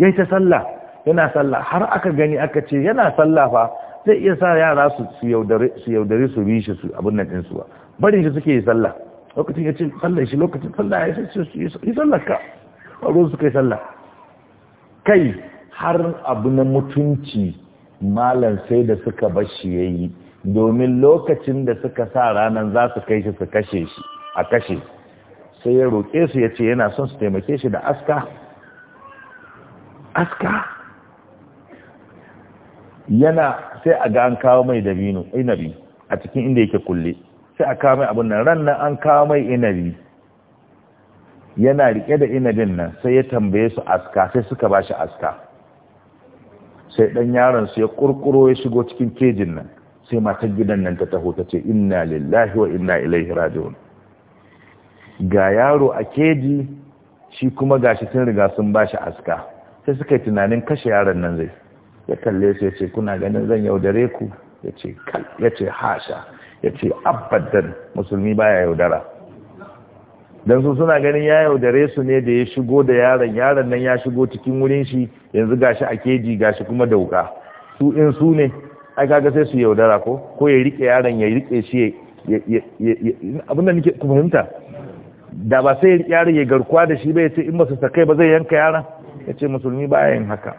yayi ta sallah yana sallah har aka gani aka ce yana sallah fa zai iya sa yara su su yaudare su yaudare su bi shi su abin nan din su ba barin shi suke yi sallah lokacin ya ce sallah shi lokacin sallah ya ce yi sallah ka ruwan suka yi sallah kai har abu na mutunci malam sai da suka bashi ya yi domin lokacin da suka sa ranar za su kai shi su kashe shi a kashe sai ya roƙe su ya ce yana son su taimake shi da aska aska yana sai a ga an kawo mai dabino inabi a cikin inda yake kulle sai a kawo mai abin nan rannan an kawo mai inabi yana rike da inabin nan sai ya tambaye su aska sai suka ba shi aska sai dan yaron su ya kurkuro ya shigo cikin kejin nan sai matar gidan nan ta taho ta ce inna lillahi wa inna ilaihi raji'un ga yaro a keji shi kuma gashi sun riga sun bashi aska sai suka yi tunanin kashe yaron nan zai ya kalle su ya ce kuna ganin zan yaudare ku ya ce hasha ya ce abadan musulmi baya yaudara dan su suna ganin ya yaudare su ne da ya shigo da yaron yaron nan ya shigo cikin wurin shi yanzu gashi a keji gashi kuma da wuka su in su ne ai kaga sai su yaudara ko ko ya rike yaron ya rike shi ya abin da nake fahimta da ba sai yaron ya garkuwa da shi ba ya in ba su sakai ba zai yanka yaron ya ce musulmi ba yin haka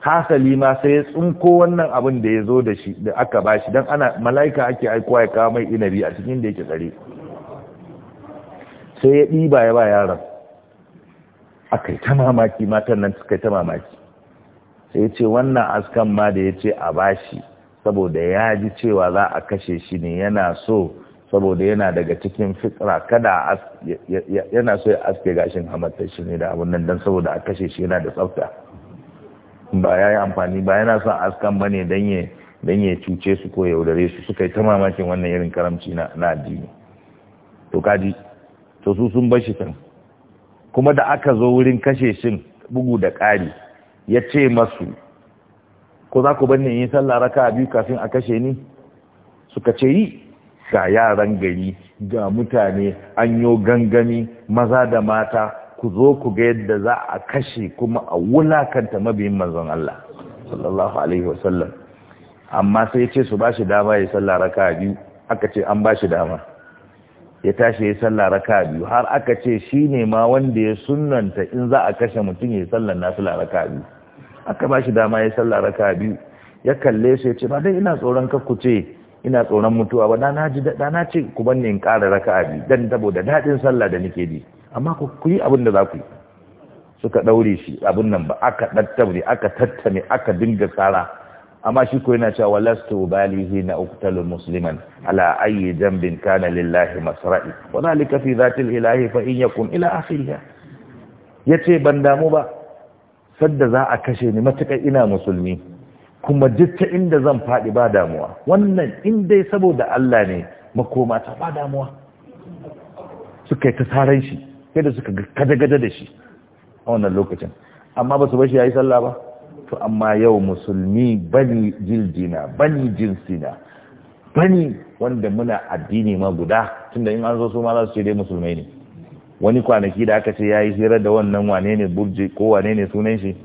hasali ma sai ya tsinko wannan abin da ya zo da shi da aka bashi. shi don ana mala'ika ake aikowa ya kawo mai inabi a cikin da yake tsare sai ya ɗiba ya ba yaron a kai ta mamaki matan nan suka ta mamaki sai ya ce wannan askan ma da ya ce a bashi saboda ya ji cewa za a kashe shi ne yana so saboda yana daga cikin fitra kada yana so ya aske gashin hamatar shi ne da abun nan don saboda a kashe shi yana da tsafta ba ya yi amfani ba yana son askan ba ne don ya cuce su ko yaudare su suka yi ta mamakin wannan irin karamci na addini to kaji to su sun bar shi can kuma da aka zo wurin kashe shin bugu da ƙari ya ce masu ko za ku bane yin sallah raka biyu kafin a kashe ni suka ce yi ga yaran gari ga mutane an yo gangami maza da mata ku zo ku ga yadda za a kashe kuma a wulakanta mabiyin manzon Allah sallallahu alaihi wasallam amma sai ya ce su ba shi dama ya sallah raka biyu aka ce an ba shi dama ya tashi ya sallah raka biyu har aka ce shi ne ma wanda ya sunanta in za a kashe mutum ya sallah nafila raka biyu aka ba shi dama ya sallah raka biyu ya kalle shi ya ce ba dai ina tsoron ce ina tsoron mutuwa ba da na ce ku banne in ƙara raka biyu dan saboda daɗin sallah da nake ji amma ku yi abin da za ku yi suka ɗaure shi abin nan ba aka ɗattame aka tattame aka dinga tsara amma shi ko yana cewa walastu balihi na uqtalu musliman ala ayyi dhanbin kana lillahi masra'i wa dhalika fi dhati ilahi fa in yakun ila akhirih yace ban damu ba sadda za a kashe ni matakai ina musulmi kuma duk inda zan faɗi ba damuwa wannan in dai saboda Allah ne makoma ta ba damuwa suka yi ta saran shi sai da suka gada-gada da shi a wannan lokacin amma ba su bashi ya yi sallah ba to amma yau musulmi bani jildina bani jinsina bani wanda muna addini ma guda tunda in an zo su ma za su ce dai musulmai ne wani kwanaki da aka ce ya yi hira da wannan wane ne burji ko wane ne sunan shi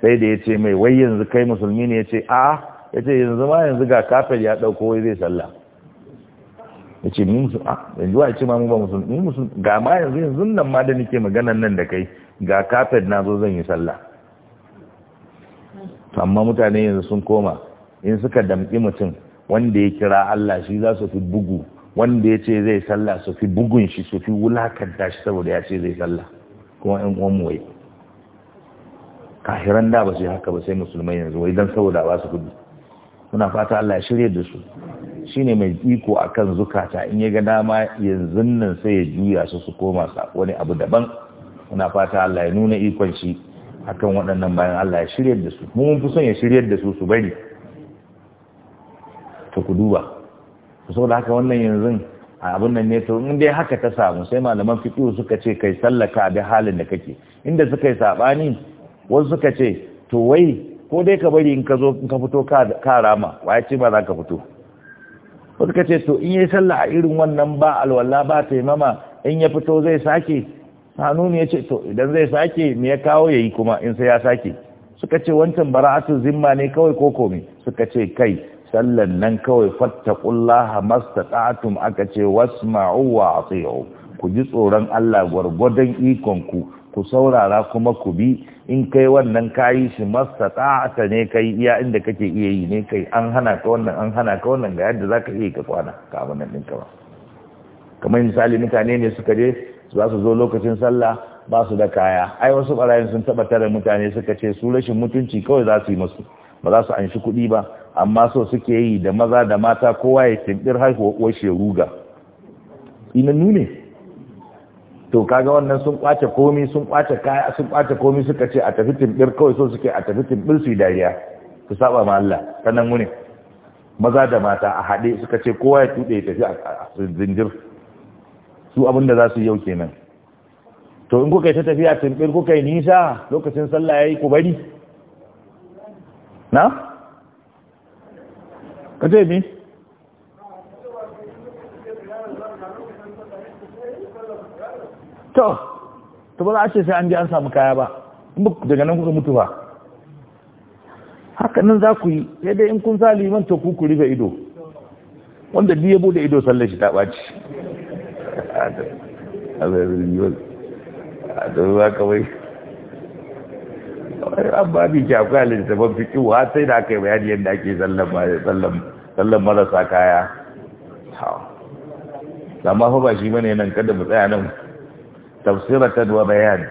sai da ya ce mai wai yanzu kai musulmi ne ya ce a ya ce yanzu ma yanzu ga kafir ya ɗauko wai zai sallah ya ce ni musu a ah, yanzu a ce ma mu ba musulmi ga ma yanzu yanzu nan ma da nake magana nan da kai ga kafir na zo zan yi sallah to amma mutane yanzu sun koma in suka damƙi mutum wanda ya kira Allah shi za su fi bugu wanda ya ce zai sallah su fi bugun shi su fi wulakanta shi saboda ya ce zai sallah kuma in uwan mu wai kahiran da ba su haka ba sai musulmai yanzu wai dan saboda ba su kudi muna fata Allah ya shirye da su shine mai iko akan zukata in ya ga dama yanzu nan sai ya juya su su koma wani abu daban muna fata Allah ya nuna ikon shi akan waɗannan bayan Allah ya shiryar da su mun fi son ya shiryar da su su bari to ku duba so da haka wannan yanzu a abin nan ne to in dai haka ta samu sai malaman fiqh suka ce kai sallaka da halin da kake inda suka yi sabani wasu suka ce to wai ko dai ka bari in ka zo in ka fito ka rama waye ce ba za ka fito wasu suka ce to in yi sallah a irin wannan ba alwala ba taimama in ya fito zai sake hanuni ya ce to idan zai sake me ya kawo yayi kuma in sai ya sake suka ce wancan bara'atu zimma ne kawai ko komi suka ce kai sallan nan kawai fattaqullaha mastata'tum aka ce wasma'u wa ati'u ku ji tsoron Allah gurgurdan ikon ku ku saurara kuma ku bi in kai wannan kayi shi mastata'ta ne kai iya inda kake iya yi ne kai an hana ka wannan an hana ka wannan ga yadda zaka iya ka kwana ka abin nan ɗinka ba kamar misali mutane ne suka je za su zo lokacin sallah ba su da kaya ai wasu barayin sun taba tare mutane suka ce su rashin mutunci kawai za su yi musu ba za su anshi kuɗi ba amma so suke yi da maza da mata kowa ya timbir haihuwar sheruga inannu ne to kaga wannan sun kwace komi sun kwace kaya sun kwace komi suka ce a tafi timbir kawai so suke a tafi timbir su yi dariya su saba ma Allah sannan mu ne maza da mata a haɗe suka ce kowa ya tuɗe ya tafi a zindir su abin da za su yau kenan to in kuka yi ta tafiya tunbir kuka yi nisa lokacin sallah ya yi ku na? ka ce to to ba za a ce sai an ji an samu kaya ba daga nan kuka mutu ba haka nan za ku yi Yadda in kun sa liman to ku ku rufe ido wanda duk ya bude ido sallashi ta ɓaci a don za ka bai an ba bi ki akwai sai da aka yi bayani yadda ake tsallan marasa kaya Sama fa ba shi bane nan kada mu tsaya nan tafsiratan wa bayan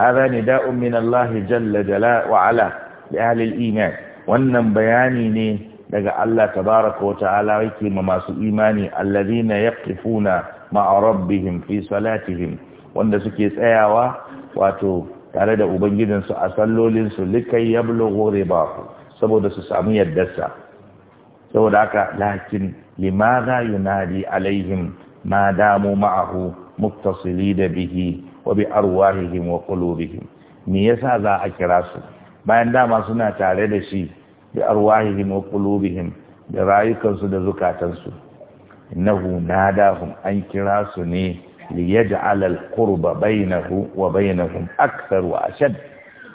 hada nida'un min Allah jalla jala wa ala li ahli iman wannan bayani ne daga Allah tabaaraka wa ta'ala yake ma masu imani alladhina yaqifuna ma'arabbihim fi salatihim wanda suke tsayawa wato tare da ubangijinsu a sallolinsu likai ba ku, saboda su samu yaddarsa saboda haka lakin limadha yunadi alaihim ma damu ma'ahu da bihi wa bi arwahihim wa qulubihim me yasa za a kira su bayan dama suna tare da shi bi arwahihim wa qulubihim da rayukansu da zukatansu innahu nadahum an kira su ne liyaj'al al-qurba bainahu wa bainahum akthar wa ashad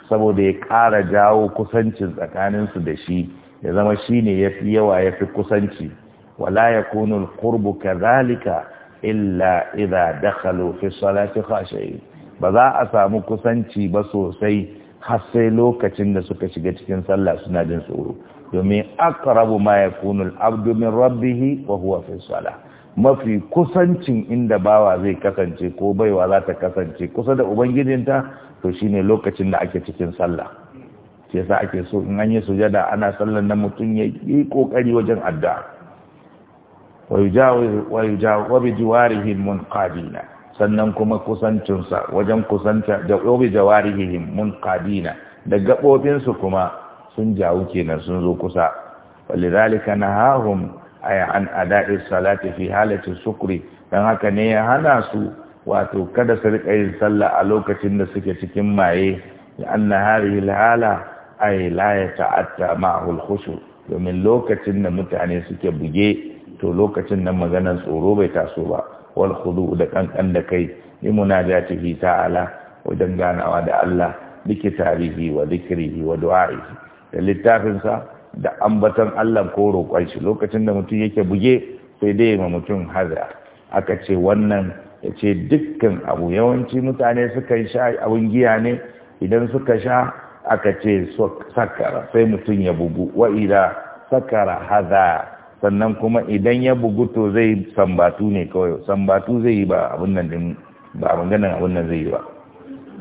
saboda ya ƙara jawo kusancin tsakaninsu da shi ya zama shine yafi yawa yafi kusanci wala yakunu al-qurbu kadhalika illa idha dakhalu fi salati khashiyin ba za a samu kusanci ba sosai har sai lokacin da suka shiga cikin sallah suna jin tsoro domin aqrabu ma yakunu al-abdu min rabbih wa huwa fi salah mafi kusancin inda bawa zai kasance ko baiwa za ta kasance kusa da ubangijinta to shine lokacin da ake cikin sallah shi yasa ake so in an yi sujada ana sallar na mutum ya yi kokari wajen addu'a wa wa sannan kuma kusancinsa wajen kusanta da obi mun munqadina da gabobinsu kuma sun jawo kenan sun zo kusa walidhalika a ay an ada'i salati fi halati sukuri? dan haka ne ya hana su wato kada su riƙa yin sallah a lokacin da suke cikin maye ya anna hadhihi alhala ay la yata'atta ma'ahu khushu domin lokacin da mutane suke buge to lokacin da maganar tsoro bai taso ba wal khudu da kankan da kai li munajatihi ta'ala wajen ganawa da Allah bi kitarihi wa dhikrihi wa du'a'ihi da littafinsa da ambatan Allah ko roƙon shi lokacin da mutum yake buge sai dai ma mutum haza aka ce wannan ya ce dukkan abu yawanci mutane sukan sha abin giya ne idan suka sha aka ce sakara sai mutum ya bugu wa'ida sakara haza sannan kuma idan ya bugu to zai sambatu ne kawai sambatu zai yi ba abin nan din ba abin nan zai yi ba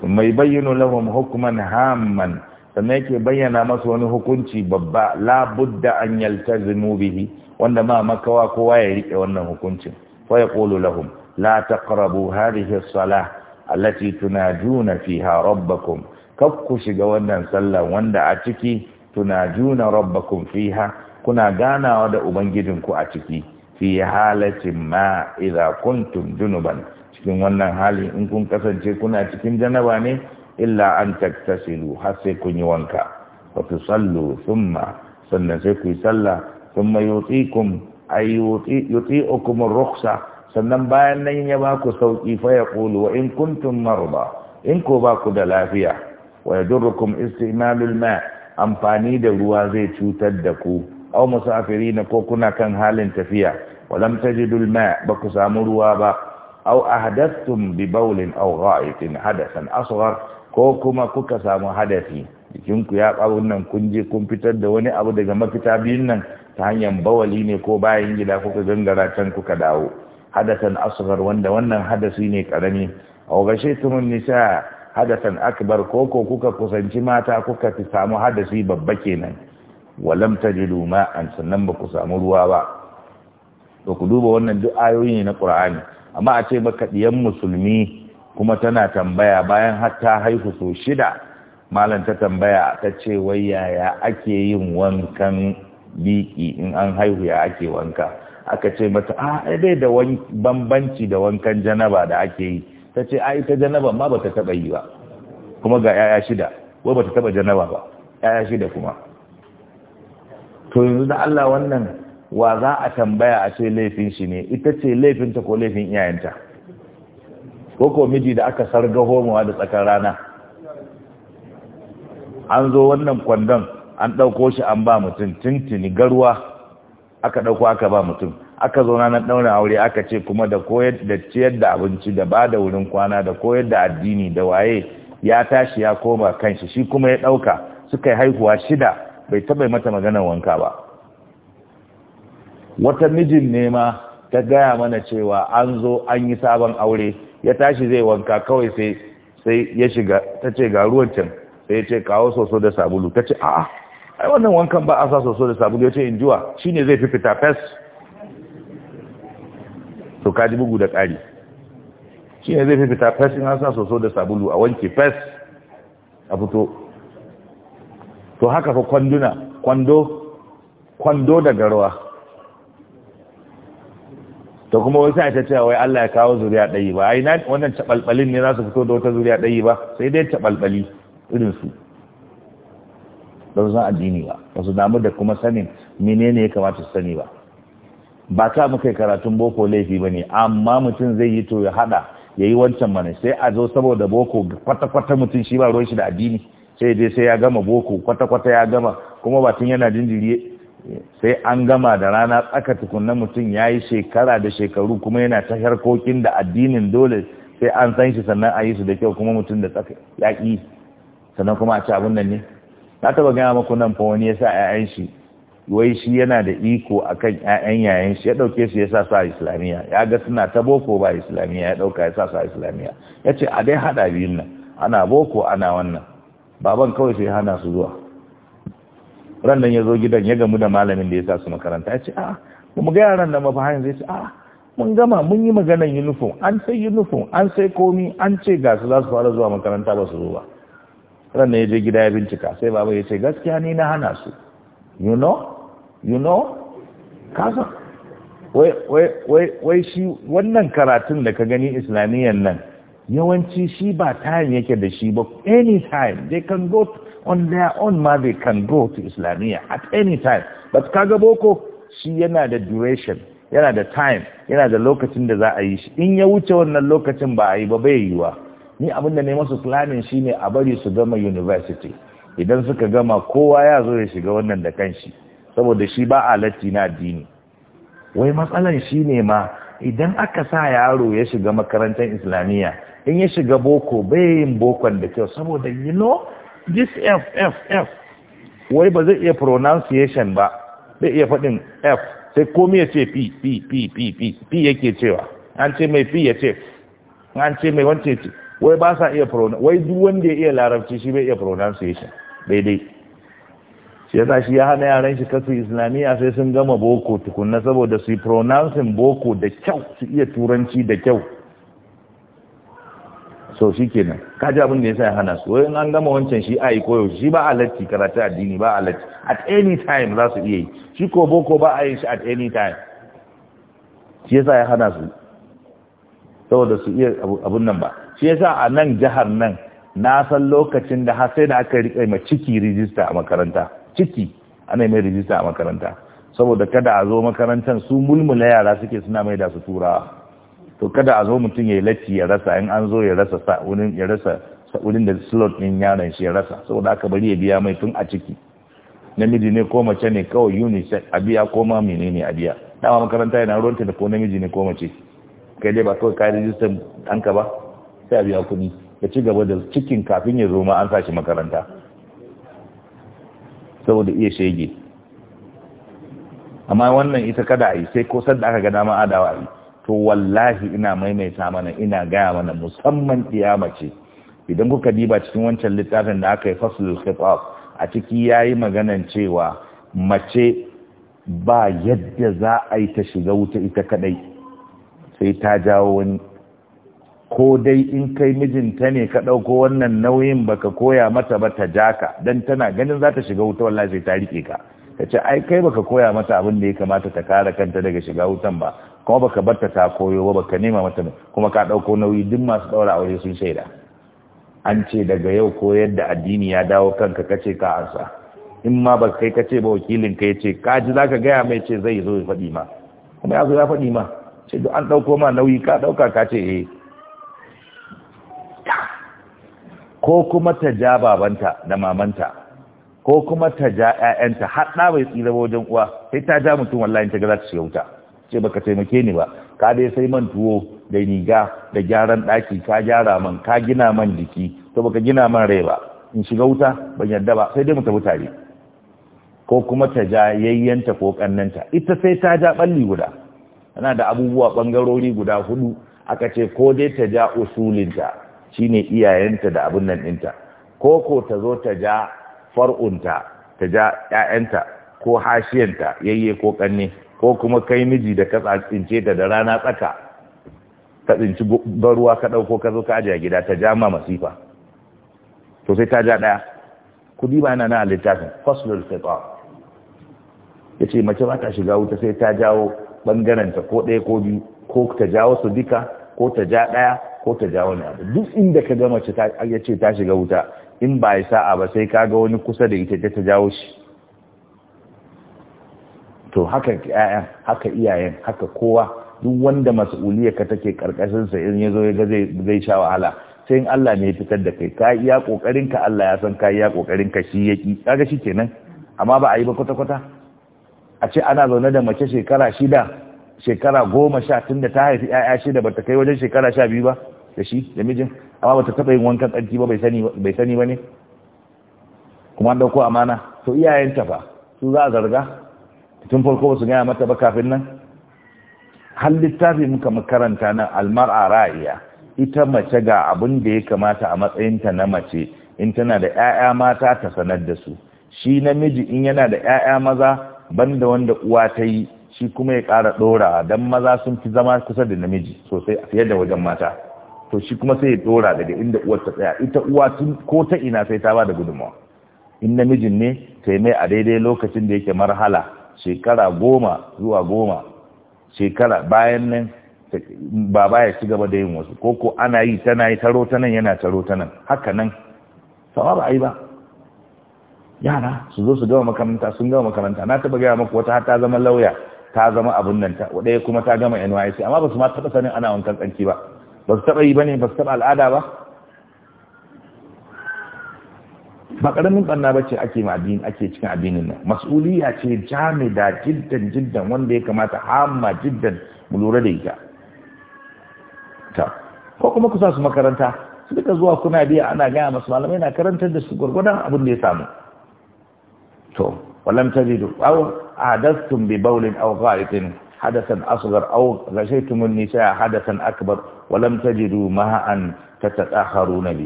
mai bayyano lahum hukman hamman sannan yake bayyana masa wani hukunci babba labudda an yaltazimu bihi wanda ma makawa kowa ya rike wannan hukuncin fa yaqulu lahum la taqrabu hadhihi as-salah allati tunajuna fiha rabbakum ku shiga wannan sallah wanda a ciki tunajuna rabbakum fiha kuna ganawa da ubangijinku a ciki fi halatin ma idza kuntum junuban cikin wannan hali in kun kasance kuna cikin janaba ne إلا أن تكتسلوا حسيكو نيوانكا فتصلوا ثم سنة سنسيكو يسلى ثم يطيكم أي يطيئكم الرخصة سنة باين نين يباكو سوكي فيقول وإن كنتم مرضى إن باكو دلافية ويدركم استعمال الماء أم فاني دلوا زي تشوتدكو أو مسافرين كوكونا كان حال تفيا ولم تجدوا الماء بكو ساموا روابا aw ahdathtum bi bawlin aw gha'itin hadasan asghar ko kuma kuka samu hadasi jikinku ya ɓarun nan kun je kun fitar da wani abu daga mafita biyun nan ta hanyar bawali ne ko bayan gida kuka gangara can kuka dawo hadasan asghar wanda wannan hadasi ne karami aw ghashaytumun nisa hadasan akbar ko ko kuka kusanci mata kuka fi samu hadasi babba kenan walam tajidu ma'an sannan ba ku samu ruwa ba to ku duba wannan duk ayoyi ne na Qur'ani amma a ce maka ɗiyan musulmi kuma tana tambaya bayan hatta haihu so shida malam ta tambaya ta ce wai yaya ake yin wankan biki in an haihu ya ake wanka aka ce mata a ah, bai da bambanci da wankan janaba da ake yi ta ce a ita janaba ma bata taba yi ba kuma ga yaya shida wai bata taba janaba ba yaya shida kuma to yanzu da Allah wannan wa za a tambaya a ce laifin shi ne ita ce laifinta ko laifin iyayenta ko ko miji da aka sarga homowa da tsakar rana an zo wannan kwandon an ɗauko shi an ba mutum tintini garwa aka ɗauko aka ba mutum aka zo ranar ɗaurin aure aka ce kuma da koyar da ciyar da abinci da ba da wurin kwana da koyar da addini da waye ya tashi ya koma kanshi shi kuma ya ɗauka suka yi haihuwa shida bai taɓa mata maganar wanka ba wata mijin ne ma ta gaya mana cewa an zo an yi sabon aure ya tashi zai wanka kawai sai sai ya shiga ta ce ga ruwan can sai ya ce kawo soso da sabulu ta ce a'a ai wannan wankan ba a sa soso da sabulu ya ce in jiwa shine zai fi fita fes to ka ji bugu da ƙari shine zai fi fita fes in an sa soso da sabulu a wanke fes a fito to haka fa kwanduna kwando kwando da garwa to kuma wasu ita ta cewa wai Allah ya kawo zuriya ɗayi ba ai na wannan tabalbalin ne za su fito da wata zuriya ɗayi ba sai dai tabalbali irin su don addini ba ba su damu da kuma sanin menene ya kamata su sani ba ba ta muka yi karatun boko laifi ba ne amma mutum zai yi to ya hada ya yi wancan mana sai a zo saboda boko kwata-kwata mutum shi ba ruwan shi da addini sai dai sai ya gama boko kwata-kwata ya gama kuma ba yana jinjiri sai an gama da rana tsaka tukunan mutum ya yi shekara da shekaru kuma yana ta harkokin da addinin dole sai an san shi sannan a yi su da kyau kuma mutum da tsaka ya ƙi sannan kuma a ci abin nan ne na taɓa gaya maku nan fa wani ya sa 'ya'yan shi wai shi yana da iko akan 'ya'yan yayan shi ya ɗauke su ya sa su a islamiyya ya ga suna ta boko ba islamiyya ya ɗauka ya sa su a islamiyya ya ce a dai haɗa biyun nan ana boko ana wannan baban kawai sai hana su zuwa ran nan ya zo gidan ya gamu da malamin da ya sa su makaranta ya ce ah, a mu ga yaran nan ba zai ce a ah, mun gama mun yi maganan uniform an sai uniform an sai komi an ce ga su za su fara zuwa makaranta ba su zo ba ran nan ya je gida ya bincika sai baba ya ce gaskiya ni na hana su you know you know kasa wai wai shi wannan karatun da ka gani islamiyyan nan yawanci shi ba time yake da shi ba anytime they can go on their own ma they can go to islamiyya at any time but kaga boko shi yana da duration yana da time yana da lokacin da za a yi shi in ya wuce wannan lokacin ba a yi ba bai yiwa ni abin da ne masu planning shine a bari su gama university idan suka gama kowa ya zo ya shiga wannan da kanshi saboda shi ba a latti na addini wai matsalan shine ma idan aka sa yaro ya shiga makarantar islamiyya in ya shiga boko bai yin bokon da kyau saboda you know this f f f wai ba zai iya pronunciation ba zai iya faɗin f sai komi ya ce p p p p p p yake cewa an ce mai p ya ce an ce mai wance ce wai ba sa iya pronunciation wai duk wanda ya iya larabci shi bai iya pronunciation daidai shi yasa shi ya hana yaran shi kasu islamiyya sai sun gama boko tukunna saboda su yi pronouncing boko da kyau su iya turanci da kyau so shi kenan kaji abin da ya sa ya hana su wai an gama wancan shi a yi koyo shi ba a latti karatu addini ba a latti at any time za su iya yi shi ko boko ba a yi shi at any time shi ya sa ya hana su saboda su iya abun nan ba shi ya sa a nan jihar nan na san lokacin da har sai da aka rike ma ciki rijista a makaranta ciki ana mai rijista a makaranta saboda kada a zo makarantar su mulmula yara suke suna mai da su turawa to kada a zo mutum ya yi latti ya rasa in an zo ya rasa sa ya rasa wurin da slot din yaron shi ya rasa saboda aka bari ya biya mai tun a ciki namiji ne ko mace ne kawai unicef a biya ko ma menene a biya dama makaranta yana ruwanta da ko namiji ne ko mace kai dai ba kawai ka rijistar ɗanka ba sai a biya kuɗi ya ci gaba da cikin kafin ya zo ma an sashi makaranta saboda iya shege amma wannan ita kada a yi sai ko sadda aka ga dama adawa a yi to wallahi ina maimaita mana ina gaya mana musamman kiyama ce idan kuka diba cikin wancan littafin da aka yi faslul khitab a ciki yayi maganan cewa mace ba yadda za a yi ta shiga wuta ita kadai sai ta jawo wani ko dai in kai mijinta ne ka ɗauko wannan nauyin baka koya mata ba ta ja ka tana ganin za ta shiga wuta wallahi sai ta riƙe ka ta ce ai kai baka koya mata abin da ya kamata ta kare kanta daga shiga wutan ba kuma baka barta ta koyo ba baka nema mata kuma ka dauko nauyi duk masu daura aure sun shaida an ce daga yau ko yadda addini ya dawo kanka kace ka ansa in ma ba kai kace ba wakilin ka yace ka ji zaka gaya mai ce zai zo ya fadi ma kuma ya zo ya faɗi ma ce duk an dauko ma nauyi ka dauka ka ce eh ko kuma ta ja babanta da mamanta ko kuma ta ja ƴaƴanta har da bai tsira wajen uwa sai ta ja mutum wallahi ta ga za ta shiga wuta ce baka taimake ni ba ka dai sai man tuwo da riga da gyaran ɗaki ka gyara man ka gina man jiki to baka gina man rai ba in shiga wuta ban yarda ba sai dai mu tafi tare ko kuma ta ja yayyanta ko kannanta ita sai ta ja balli guda ana da abubuwa bangarori guda hudu aka ce ko dai ta ja usulinta shine iyayenta da abin nan ɗinta ko ko ta zo ta ja far'unta ta ja ƴaƴanta ko hashiyanta yayye ko kanne ko kuma kai miji da ka tsince ta da rana tsaka ka tsinci baruwa ka ɗauko ka zo ka ajiye gida ta jama masifa to sai ta ja ɗaya kudi ba yana na a littafin faslul fitar ya ce mace ba ta shiga wuta sai ta jawo ɓangaranta ko ɗaya ko biyu ko ta jawo su duka ko ta ja ɗaya ko ta ja wani abu duk inda ka ga mace ya ta shiga wuta in ba ya sa'a ba sai ka ga wani kusa da ita ta jawo shi to haka ƴaƴan haka iyayen haka kowa duk wanda mas'uliyar ka take karkashin sa in yazo ya ga zai zai sha wahala sai in Allah ne ya fitar da kai ka iya kokarin ka Allah ya san ka iya kokarin ka shi yaki kaga kenan amma ba a yi ba kwata kwata a ce ana zaune da mace shekara shida shekara goma sha tun da ta haifi ƴaƴa shida bata kai wajen shekara sha biyu ba da shi da mijin amma bata taɓa yin wankan ƙarfi ba bai sani ba ne kuma an ɗauko amana to iyayenta fa su za a zarga tun farko ba su gaya mata ba kafin nan har littafi muka makaranta nan almar'a ra'iya ita mace ga abin da ya kamata a matsayinta na mace in tana da 'ya'ya mata ta sanar da su shi namiji in yana da 'ya'ya maza banda wanda uwa ta yi shi kuma ya kara ɗora don maza sun fi zama kusa da namiji sosai fiye da wajen mata to shi kuma sai ya ɗora daga inda uwar ta tsaya ita uwa tun ko ta ina sai ta ba da gudunmawa in namijin ne sai mai a daidai lokacin da yake marhala shekara goma zuwa goma shekara bayan nan baba ya ci gaba da yin wasu koko ana yi tana yi taro ta nan yana taro ta nan haka nan sawa ba a yi ba yara su zo su gama makaranta sun gama makaranta na taba gaya maku, wata ta zama lauya ta zama abin nan ta wadaya kuma ta gama NYC amma ba su ma taba sanin ana wankan tsanki ba ba su taba yi bane ba su taba al'ada ba ba karamin banna ba ce ake cikin addinin nan mas'uliya ce jami'a jiddan jiddan wanda ya kamata hamma jiddan mu lura da ita ta ko kuma ku sa su makaranta su duka zuwa kuna biya ana gaya masu malamai na karantar da su gwargwadon abin da ya samu to walam tajidu aw adastum bi bawlin aw ghaitin hadathan asghar aw ghashaytum an-nisaa hadathan akbar walam tajidu ma'an tatakharuna bi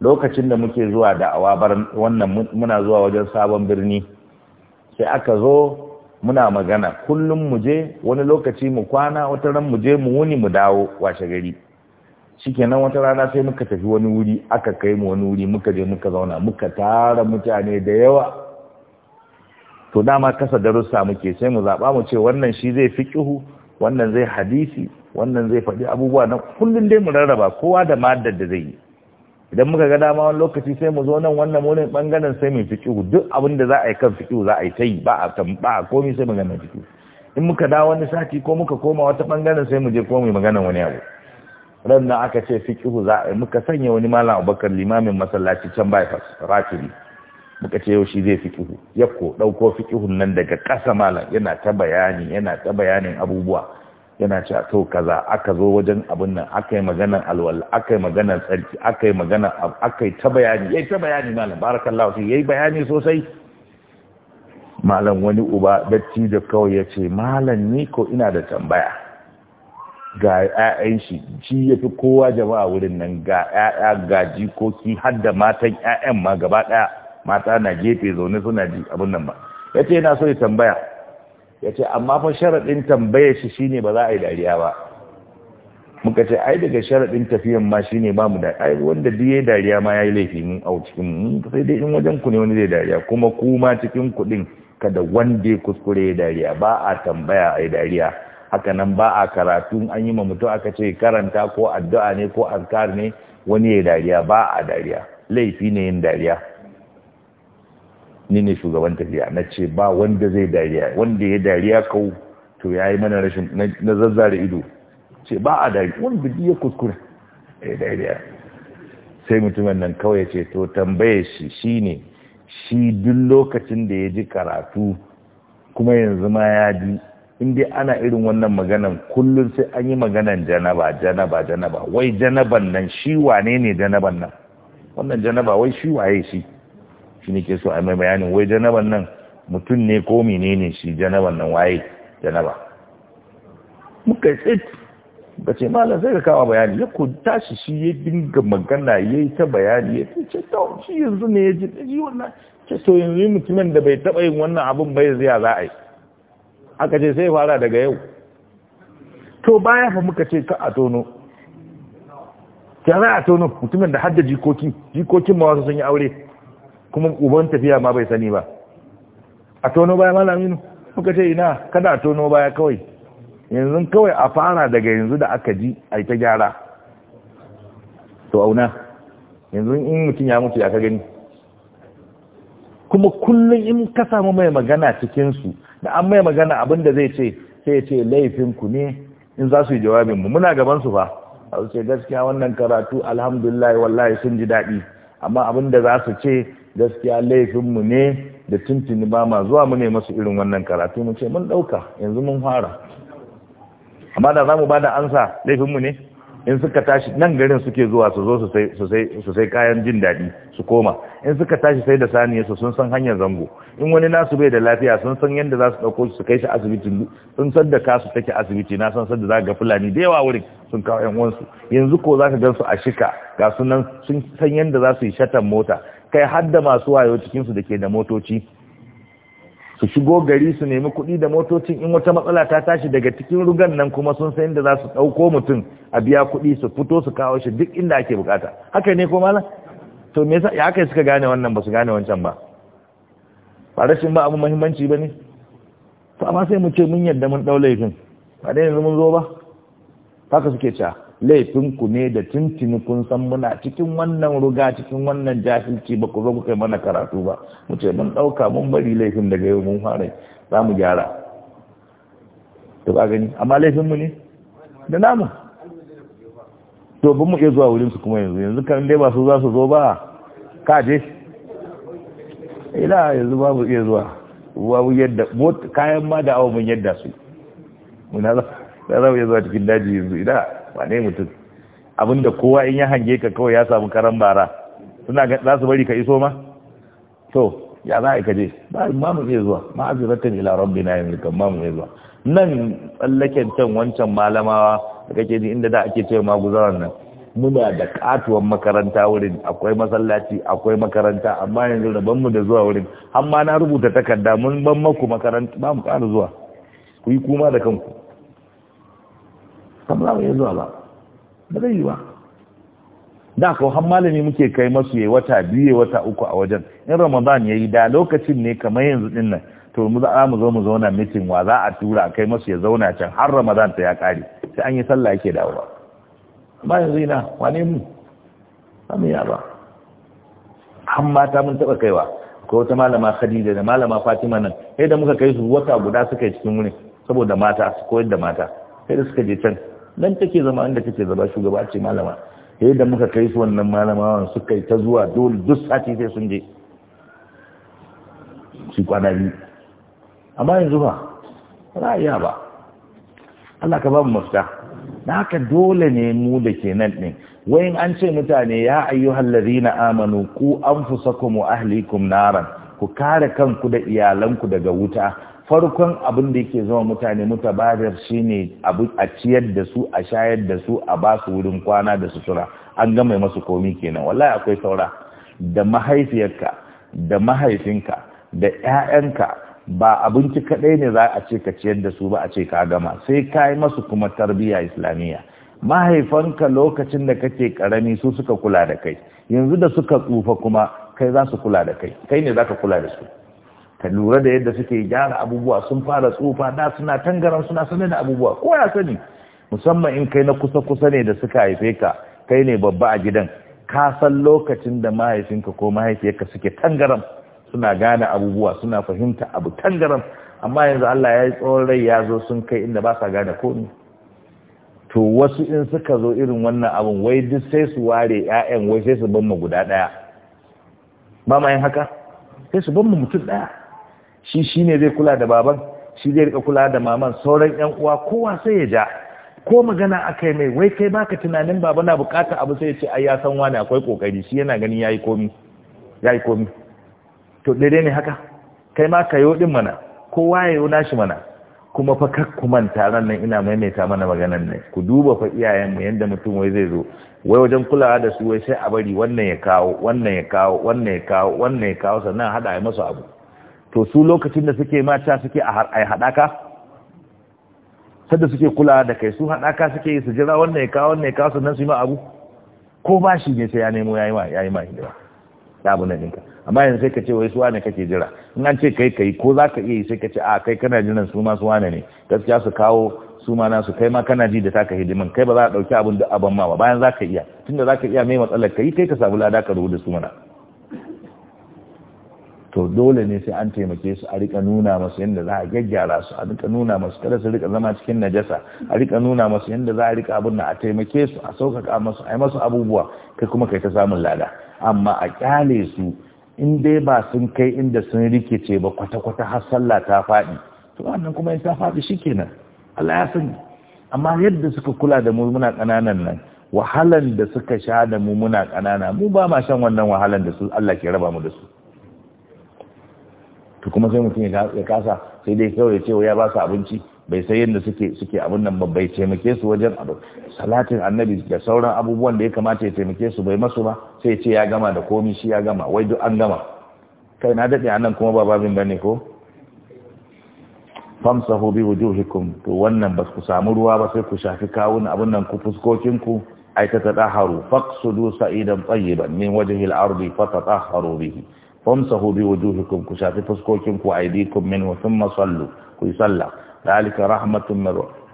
lokacin da muke zuwa da awabar wannan muna zuwa wajen sabon birni sai aka zo muna magana kullum mu je wani lokaci mu kwana wata ran mu je mu wuni mu dawo washe gari shikenan wata rana sai muka tafi wani wuri aka kai mu wani wuri muka je muka zauna muka tara mutane da yawa to dama kasa darussa muke sai mu zaba mu ce wannan shi zai fiqihu wannan zai hadisi wannan zai faɗi abubuwa na kullun dai mu rarraba kowa da maddar da zai yi idan muka ga dama wani lokaci sai mu zo nan wannan wurin bangaren sai mu fikihu duk abin da za a yi kan fikihu za a yi ta yi ba a tamba sai maganar fikihu in muka dawo wani sati ko muka koma wata bangaren sai mu je ko mu maganar wani abu ran nan aka ce fikihu za a yi muka sanya wani malam abubakar limamin masallaci can bypass ratiri muka ce yau shi zai fikihu yakko ɗauko fikihun nan daga ƙasa malam yana ta bayani yana ta bayanin abubuwa yana ce a sau kaza aka zo wajen abin nan aka yi maganar alwala aka yi maganar tsarki aka yi maganar aka yi ta bayani ya yi ta bayani malam barakan fi ya yi bayani sosai malam wani uba datti da kawai ya ce malam ni ko ina da tambaya ga 'ya'yan shi shi ya fi kowa jama'a wurin nan ga 'ya'ya ga jikoki har da matan 'ya'yan ma gaba ɗaya mata na gefe zaune suna ji abin nan ba ya ce yana so ya tambaya ya ce amma fa sharaɗin tambayar shi shine ba za a yi dariya ba muka ce ai daga sharaɗin tafiyan ma shine ba mu da ai wanda duk yayi dariya ma yayi laifi mun au cikin mu sai dai in wajen ku ne wani zai dariya kuma kuma cikin kuɗin kada wanda ya kuskure ya dariya ba a tambaya a dariya haka nan ba a karatu an yi ma mutum aka ce karanta ko addu'a ne ko azkar ne wani ya dariya ba a dariya laifi ne yin dariya ni ne shugaban tafiya na ce ba wanda zai dariya wanda ya dariya kawo to ya yi mana rashin na zazzare ido ce ba a dariya wanda duk ya kuskure ya dariya sai mutumin nan kawai ce to tambaye shi shi ne shi duk lokacin da ya ji karatu kuma yanzu ma ya ji inda ana irin wannan maganan kullum sai an yi maganan janaba janaba janaba wai janaban nan shi wane ne janaban nan wannan janaba wai shi waye shi shi ne ke so a mai bayanin wai janaban nan mutum ne ko menene shi janaban nan waye janaba muka tsit ba ce malam zai ga kawo bayani ya ku tashi shi ya dinga magana ya yi ta bayani ya ce to shi yanzu ne ya ji ɗaji wannan ce to yanzu mutumin da bai taɓa yin wannan abin bai zai za a yi aka ce sai fara daga yau to baya fa muka ce ka a tono ta za a tono mutumin da hadda jikoki jikokin ma wasu sun yi aure kuma uban tafiya ma bai sani ba a tono baya Laminu, muka ce ina kada a tono baya kawai yanzu kawai a fara daga yanzu da aka ji a ta gyara to auna yanzu in mutum ya mutu ya ka gani kuma kullum in ka samu mai magana cikinsu da an mai magana abinda zai ce sai ya ce laifinku ne in za su yi jawabinmu muna gabansu fa a su gaskiya wannan karatu alhamdulillah wallahi sun ji daɗi amma abinda za su ce gaskiya laifinmu ne da tuntuni ba ma zuwa mu ne masu irin wannan karatu mu ce mun ɗauka yanzu mun fara amma da za mu ba da ansa laifinmu ne in suka tashi nan garin suke zuwa su zo su sai kayan jin daɗi su koma in suka tashi sai da saniya su sun san hanyar zango in wani nasu bai da lafiya sun san yadda za su ɗauko su kai shi asibitin sun san da kasu take asibiti na san sadda za ga fulani da yawa wurin sun kawo yan uwansu yanzu ko za ka gan su a shika ga sunan sun san yadda za su yi shatan mota kai hadda masu wayo cikinsu da ke da motoci su shigo gari su nemi kuɗi da motocin in wata matsala ta tashi daga cikin rugan nan kuma sun san inda za su ɗauko mutum a biya kuɗi su fito su kawo shi duk inda ake bukata haka ne ko malam to me yasa haka suka gane wannan ba su gane wancan ba ba rashin ba abu muhimmanci ba ne to amma sai mu ce mun yadda mun ɗau laifin ba dai yanzu mun zo ba haka suke cewa laifinku ne da tuntuni kun san muna cikin wannan ruga cikin wannan jahilci ba ku zo ku kai mana karatu ba mu ce mun ɗauka mun bari laifin daga yau mun fara za mu gyara to ka gani amma laifinmu ne da namu to ba mu iya zuwa wurinsu kuma yanzu yanzu kan dai ba su za su zo ba ka je ila yanzu ba mu iya zuwa babu yadda kayan ma da awa mun yadda su muna za mu iya zuwa cikin daji yanzu idan. wane mutum abinda kowa in ya hange ka kawai ya samu karan bara suna za su bari ka iso ma to ya za a kaje ba ma mu iya zuwa ma'aziratan ila rabbina yanzu kan ma mu iya zuwa nan tsallaken can wancan malamawa da kake ji inda da ake cewa maguzawan nan muna da katuwan makaranta wurin akwai masallaci akwai makaranta amma yanzu da mu da zuwa wurin amma na rubuta takarda mun ban maku makaranta ba mu ƙara zuwa ku yi kuma da kanku sam za mu iya zuwa ba ba zai yi ba da ko har malami muke kai masu yayi wata biyu wata uku a wajen in ramadan yayi da lokacin ne kamar yanzu din nan to mu za mu zo mu zauna meeting wa za a tura kai masu ya zauna can har ramadan ta ya kare sai an yi sallah yake dawowa amma yanzu ina wane mu samu ya ba Amma mata mun taba kaiwa ko wata malama khadija da malama fatima nan sai da muka kai su wata guda suka yi cikin wurin saboda mata su koyar da mata sai da suka je can nan take zama inda take zama shugaba ce malama sai da muka kai su wannan malamawan suka yi ta zuwa dole duk sati sai sun je su kwana biyu amma yanzu ba ra'ayya ba Allah ka ba mu mafita Na haka dole ne mu da ke nan ne, wayin an ce mutane ya ayyuhal ladina amanu ku anfusakum wa ahlikum naran ku kare kanku da iyalanku daga wuta farkon abin da yake zama mutane mutabarar shi ne a ciyar da su a shayar da su a ba su wurin kwana da sutura an gama masu komi kenan wallahi akwai saura da mahaifiyarka da mahaifinka da ƴaƴanka ba abinci kaɗai ne za a ce ka ciyar da su ba a ce ka gama sai ka yi masu kuma tarbiyya islamiyya mahaifanka lokacin da kake karami su suka kula da kai yanzu da suka tsufa kuma kai za su kula da kai kai ne za ka kula da su ka lura da yadda suke gyara abubuwa sun fara tsufa da suna tangaran suna sanar da abubuwa ko ya sani musamman in kai na kusa-kusa ne da suka haife ka kai ne babba a gidan ka san lokacin da mahaifinka ko mahaifiyarka suke tangaran suna gane abubuwa suna fahimta abu tangaran amma yanzu Allah ya yi tsawon rai ya zo sun kai inda ba sa gane komi to wasu in suka zo irin wannan abun wai duk sai su ware 'ya'yan wai sai su ban guda ɗaya ba ma yin haka sai su ban mutum ɗaya shi shi ne zai kula da baban shi zai rika kula da maman sauran yan uwa kowa sai ya ja ko magana aka yi mai wai kai baka tunanin baba na bukata abu sai ya ce ai ya san wani akwai kokari shi yana ganin yayi komi yayi komi to daidai ne haka kai ma ka yo din mana kowa ya yo nashi mana kuma fa kar ku manta ran nan ina maimaita mana maganan nan ku duba fa iyayen mu yanda mutum wai zai zo wai wajen kulawa da su wai sai a bari wannan ya kawo wannan ya kawo wannan ya kawo wannan ya kawo sannan hada ai masa abu to su lokacin da suke mata suke a haɗaka sadda suke kula da kai su haɗaka suke yi su jira wannan ya kawo wannan ya kawo sannan su yi ma abu ko ba shi ne sai ya nemo ya yi ma ya yi ma hidima ya abu na ninka amma yanzu sai ka ce wai su wane kake jira in an ce kai kai ko za ka iya yi sai ka ce a kai kana jiran su ma su wane ne gaskiya su kawo su ma nasu kai ma kana ji da taka hidiman kai ba za a ɗauki abin da abin ma ba bayan za ka iya tunda za ka iya mai matsalar ka yi kai ka samu lada ka rubuta su mana to dole ne sai an taimake su a rika nuna masu yadda za a gyaggyara su a rika nuna masu kada su rika zama cikin najasa a rika nuna masu yadda za a rika abin da a taimake su a sauƙaƙa masu a yi masu abubuwa kai kuma kai ta samun lada amma a ƙyale su in dai ba sun kai inda sun rikice ba kwata-kwata har sallah ta faɗi to wannan kuma in ta faɗi shikenan Allah ya sani amma yadda suka kula da mu muna ƙananan nan wahalan da suka sha da mu muna ƙanana mu ba ma shan wannan wahalan da su Allah ke raba mu da su kuma sai mutum ya kasa sai dai kawai ce ya ba su abinci bai sai yadda suke suke abin nan bai taimake su wajen abu salatin annabi da sauran abubuwan da ya kamata ya taimake su bai masu ba sai ce ya gama da komi shi ya gama wai duk an gama kai na daɗe anan kuma ba babin bane ko famsahu bi wujuhikum to wannan ba ku samu ruwa ba sai ku shafi kawun abin nan ku fuskokin ku ai ta tadaharu faqsudu sa'idan tayyiban min wajhi al-ardi fatatahharu bihi famsahu bi wujuhikum ku shafi fuskokin ku aidikum min wa thumma sallu ku yi sallah dalika rahmatun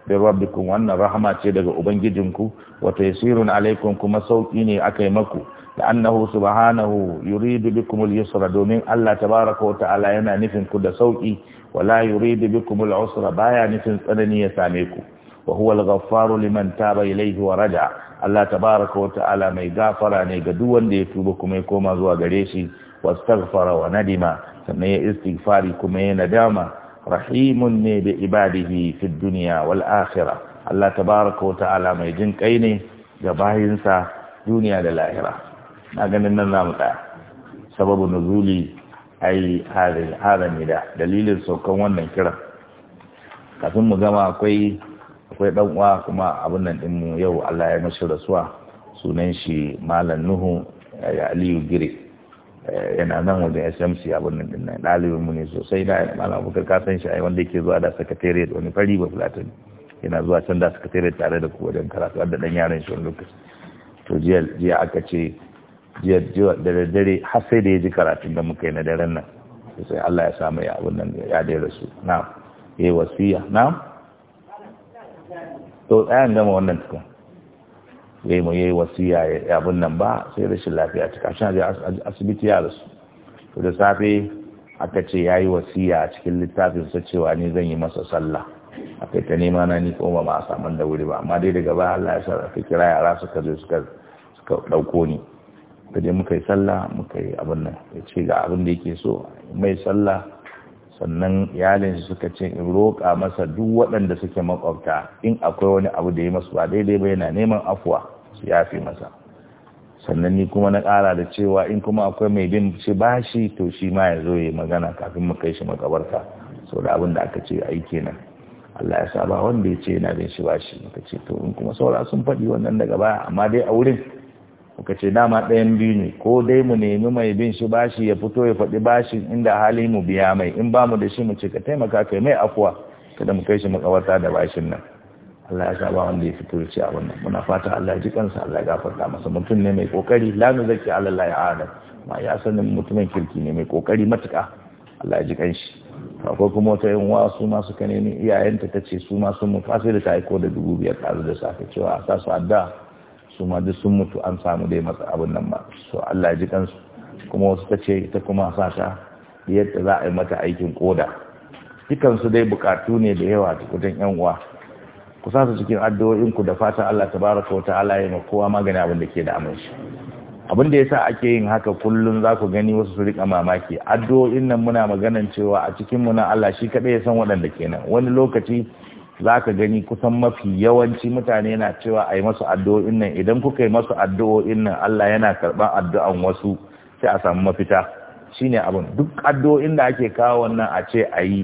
min rabbikum wannan rahma ce daga ubangijinku wa taysirun alaikum kuma sauƙi ne yi maku لأنه سبحانه يريد بكم اليسر دومين الله تبارك وتعالى ينا نفن كد سوئي ولا يريد بكم العسر بايا نفن سنني يساميكم وهو الغفار لمن تاب إليه ورجع الله تبارك وتعالى ميغافراني قدوا ليتوبكم يكوما زوا قريشي wastaghfara wa nadima sannan ya istighfari kuma ya nadama rahimun ne bi ibadihi fi walahira. Allah ta Allah tabaraka wa ta'ala mai jin kai ne ga bayinsa duniya da lahira na ganin nan zamu tsaya sababu nuzuli ai hada nida dalilin saukan wannan kiran kafin mu gama akwai akwai dan uwa kuma abin nan din mu yau Allah ya mashi rasuwa sunan shi malam Nuhu Aliyu Gire yana nan wajen smc abin nan din nan dalibin mu ne sosai da malam abubakar ka san shi ai wanda yake zuwa da secretariat wani fari ba platani yana zuwa can da secretariat tare da ku wajen karatu da dan yaran shi wani lokaci to jiya jiya aka ce jiya jiya da dare har sai da ya ji karatun da muka yi na daren nan sai Allah ya samu ya abin nan ya dai rasu na yayi wasiya na to tsayan gama wannan tukun yayi mu yayi wasiya ya abin nan ba sai rashin lafiya cika. kashin zai asibiti ya rasu to da safe aka ce ya yi wasiya a cikin littafin sa cewa ne zan yi masa sallah kai ta nema na ni koma ba a da wuri ba amma dai daga baya Allah ya sa aka kira yara suka zo suka suka dauko ni da dai muka yi sallah muka yi abin nan ya ce ga abin da yake so mai sallah sannan iyalin suka ce in roƙa masa duk waɗanda suke makwabta in akwai wani abu da ya masu ba daidai ba yana neman afuwa su yafi masa sannan ni kuma na kara da cewa in kuma akwai mai bin shi bashi to shi ma ya zo ya magana kafin mu kai shi makabarta sau da abin da aka ce aiki kenan Allah ya saba wanda ya ce yana bin shi bashi muka ce to in kuma saura sun faɗi wannan daga baya amma dai a wurin muka ce dama ɗayan biyu ne ko dai mu nemi mai bin shi bashi ya fito ya faɗi bashin inda hali mu biya mai in ba mu da shi mu ce ka taimaka kai mai afuwa kada mu kai shi makabarta da bashin nan Allah ya saba wanda ya fito ci a wannan muna fata Allah ya ji kansa Allah ya gafarta masa mutum ne mai kokari la nu zaki ala la ya'ala ma ya sanin mutumin kirki ne mai kokari matuka Allah ya ji kanshi akwai kuma wata yan wa su ma suka nemi iyayenta ta ce su ma sun mutu sai da aiko da dubu biyar tare da safe cewa a sa su adda su ma duk sun mutu an samu dai masa abin nan ba so Allah ya ji kansu kuma wasu ta ce ta kuma sa ta yadda za a yi mata aikin koda dukansu dai bukatu ne da yawa wajen yan uwa ku sa su cikin ku da fata Allah tabaraka wa ta'ala ya ma kowa magana abin da ke da amin abin da yasa ake yin haka kullun za ku gani wasu su rika mamaki addu'o'in nan muna maganan cewa a cikin mu na Allah shi kadai ya san waɗanda kenan wani lokaci za ka gani kusan mafi yawanci mutane na cewa a yi masu addu'o'in nan idan kuka yi masu addu'o'in nan Allah yana karban addu'an wasu sai a samu mafita shine abin duk addu'o'in da ake kawo wannan a ce a yi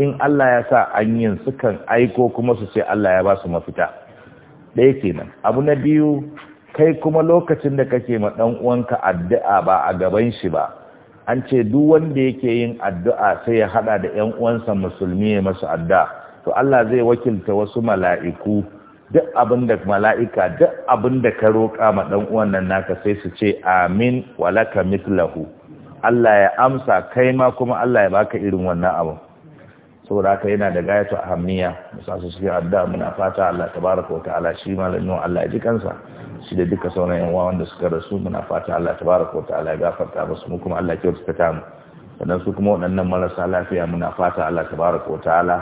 in Allah ya sa an yin sukan aiko kuma su ce Allah ya ba su mafita ɗaya kenan abu na biyu kai kuma lokacin da kake ma ɗan uwanka addu'a ba a gaban shi ba an ce duk wanda yake yin addu'a sai ya haɗa da ƴan uwansa musulmi ya masu addu'a to Allah zai wakilta wasu mala'iku duk abin da mala'ika duk abin da ka roƙa ma ɗan uwan nan naka sai su ce amin walaka mitlahu. Allah ya amsa kai ma kuma Allah ya baka irin wannan abu saboda haka yana da gayatu ahammiya musa su suke addu'a muna fata Allah tabaraka wataala shi malamin Allah ya ji kansa shi da duka sauran yan uwa wanda suka rasu muna fata Allah tabaraka wataala ya gafarta musu mu kuma Allah ya ta mu sannan su kuma waɗannan marasa lafiya muna fata Allah tabaraka wataala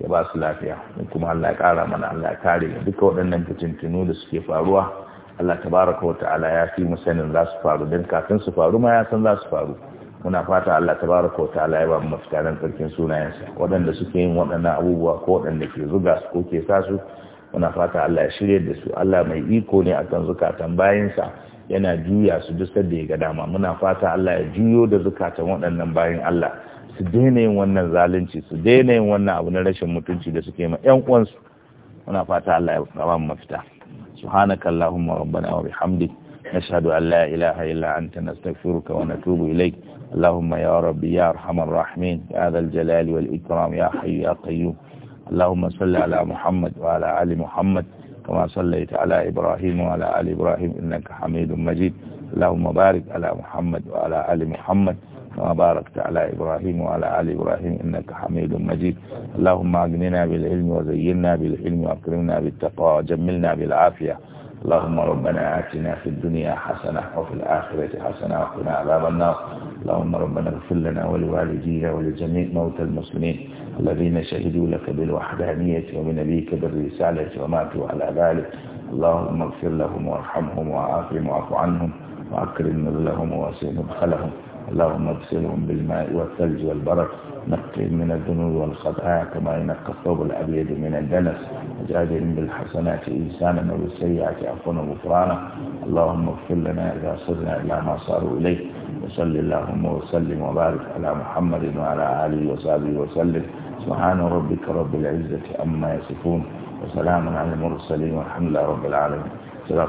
ya ba su lafiya mu kuma Allah ya kara mana Allah ya kare duka waɗannan fitintunu da suke faruwa Allah tabaraka wataala ya fi mu sanin za su faru don kafin su faru ma ya san za su faru muna fata Allah ta tabaraka wa ta'ala ya ba mu mafitaran sarkin sunayensa waɗanda suke yin waɗannan abubuwa ko waɗanda ke zuga su ko ke sa su muna fata Allah ya shirya da su Allah mai iko ne a kan zukatan bayansa yana juya su duk da ya ga dama muna fata Allah ya juyo da zukatan waɗannan bayan Allah su daina yin wannan zalunci su daina yin wannan abu na rashin mutunci da suke ma ƴan uwansu muna fata Allah ya ba mu mafita subhanakallahumma rabbana wa bihamdika نشهد أن لا إله إلا أنت نستغفرك ونتوب إليك اللهم يا ربي يا أرحم الراحمين يا ذا الجلال والإكرام يا حي يا قيوم اللهم صل على محمد وعلى آل محمد كما صليت على إبراهيم وعلى آل إبراهيم إنك حميد مجيد اللهم بارك على محمد وعلى آل محمد كما باركت على إبراهيم وعلى آل إبراهيم إنك حميد مجيد اللهم أغننا بالعلم وزينا بالعلم وأكرمنا بالتقوى وجملنا بالعافية اللهم ربنا آتنا في الدنيا حسنة وفي الآخرة حسنة وقنا عذاب النار اللهم ربنا اغفر لنا ولوالدينا ولجميع موتى المسلمين الذين شهدوا لك بالوحدانية وبنبيك بالرسالة وماتوا على ذلك اللهم اغفر لهم وارحمهم وعافهم واعف عنهم وأكرم لهم ووسع مدخلهم اللهم اغسلهم بالماء والثلج والبرد نقهم من الذنوب والخطايا آه، كما ينقى الثوب الأبيض من الدنس وجادلهم بالحسنات إنسانا وبالسيئات عفوا وغفرانا اللهم اغفر لنا إذا صرنا إلى ما صاروا إليه وصل اللهم وسلم وبارك على محمد وعلى آله وصحبه وسلم سبحان ربك رب العزة عما يصفون وسلام على المرسلين والحمد لله رب العالمين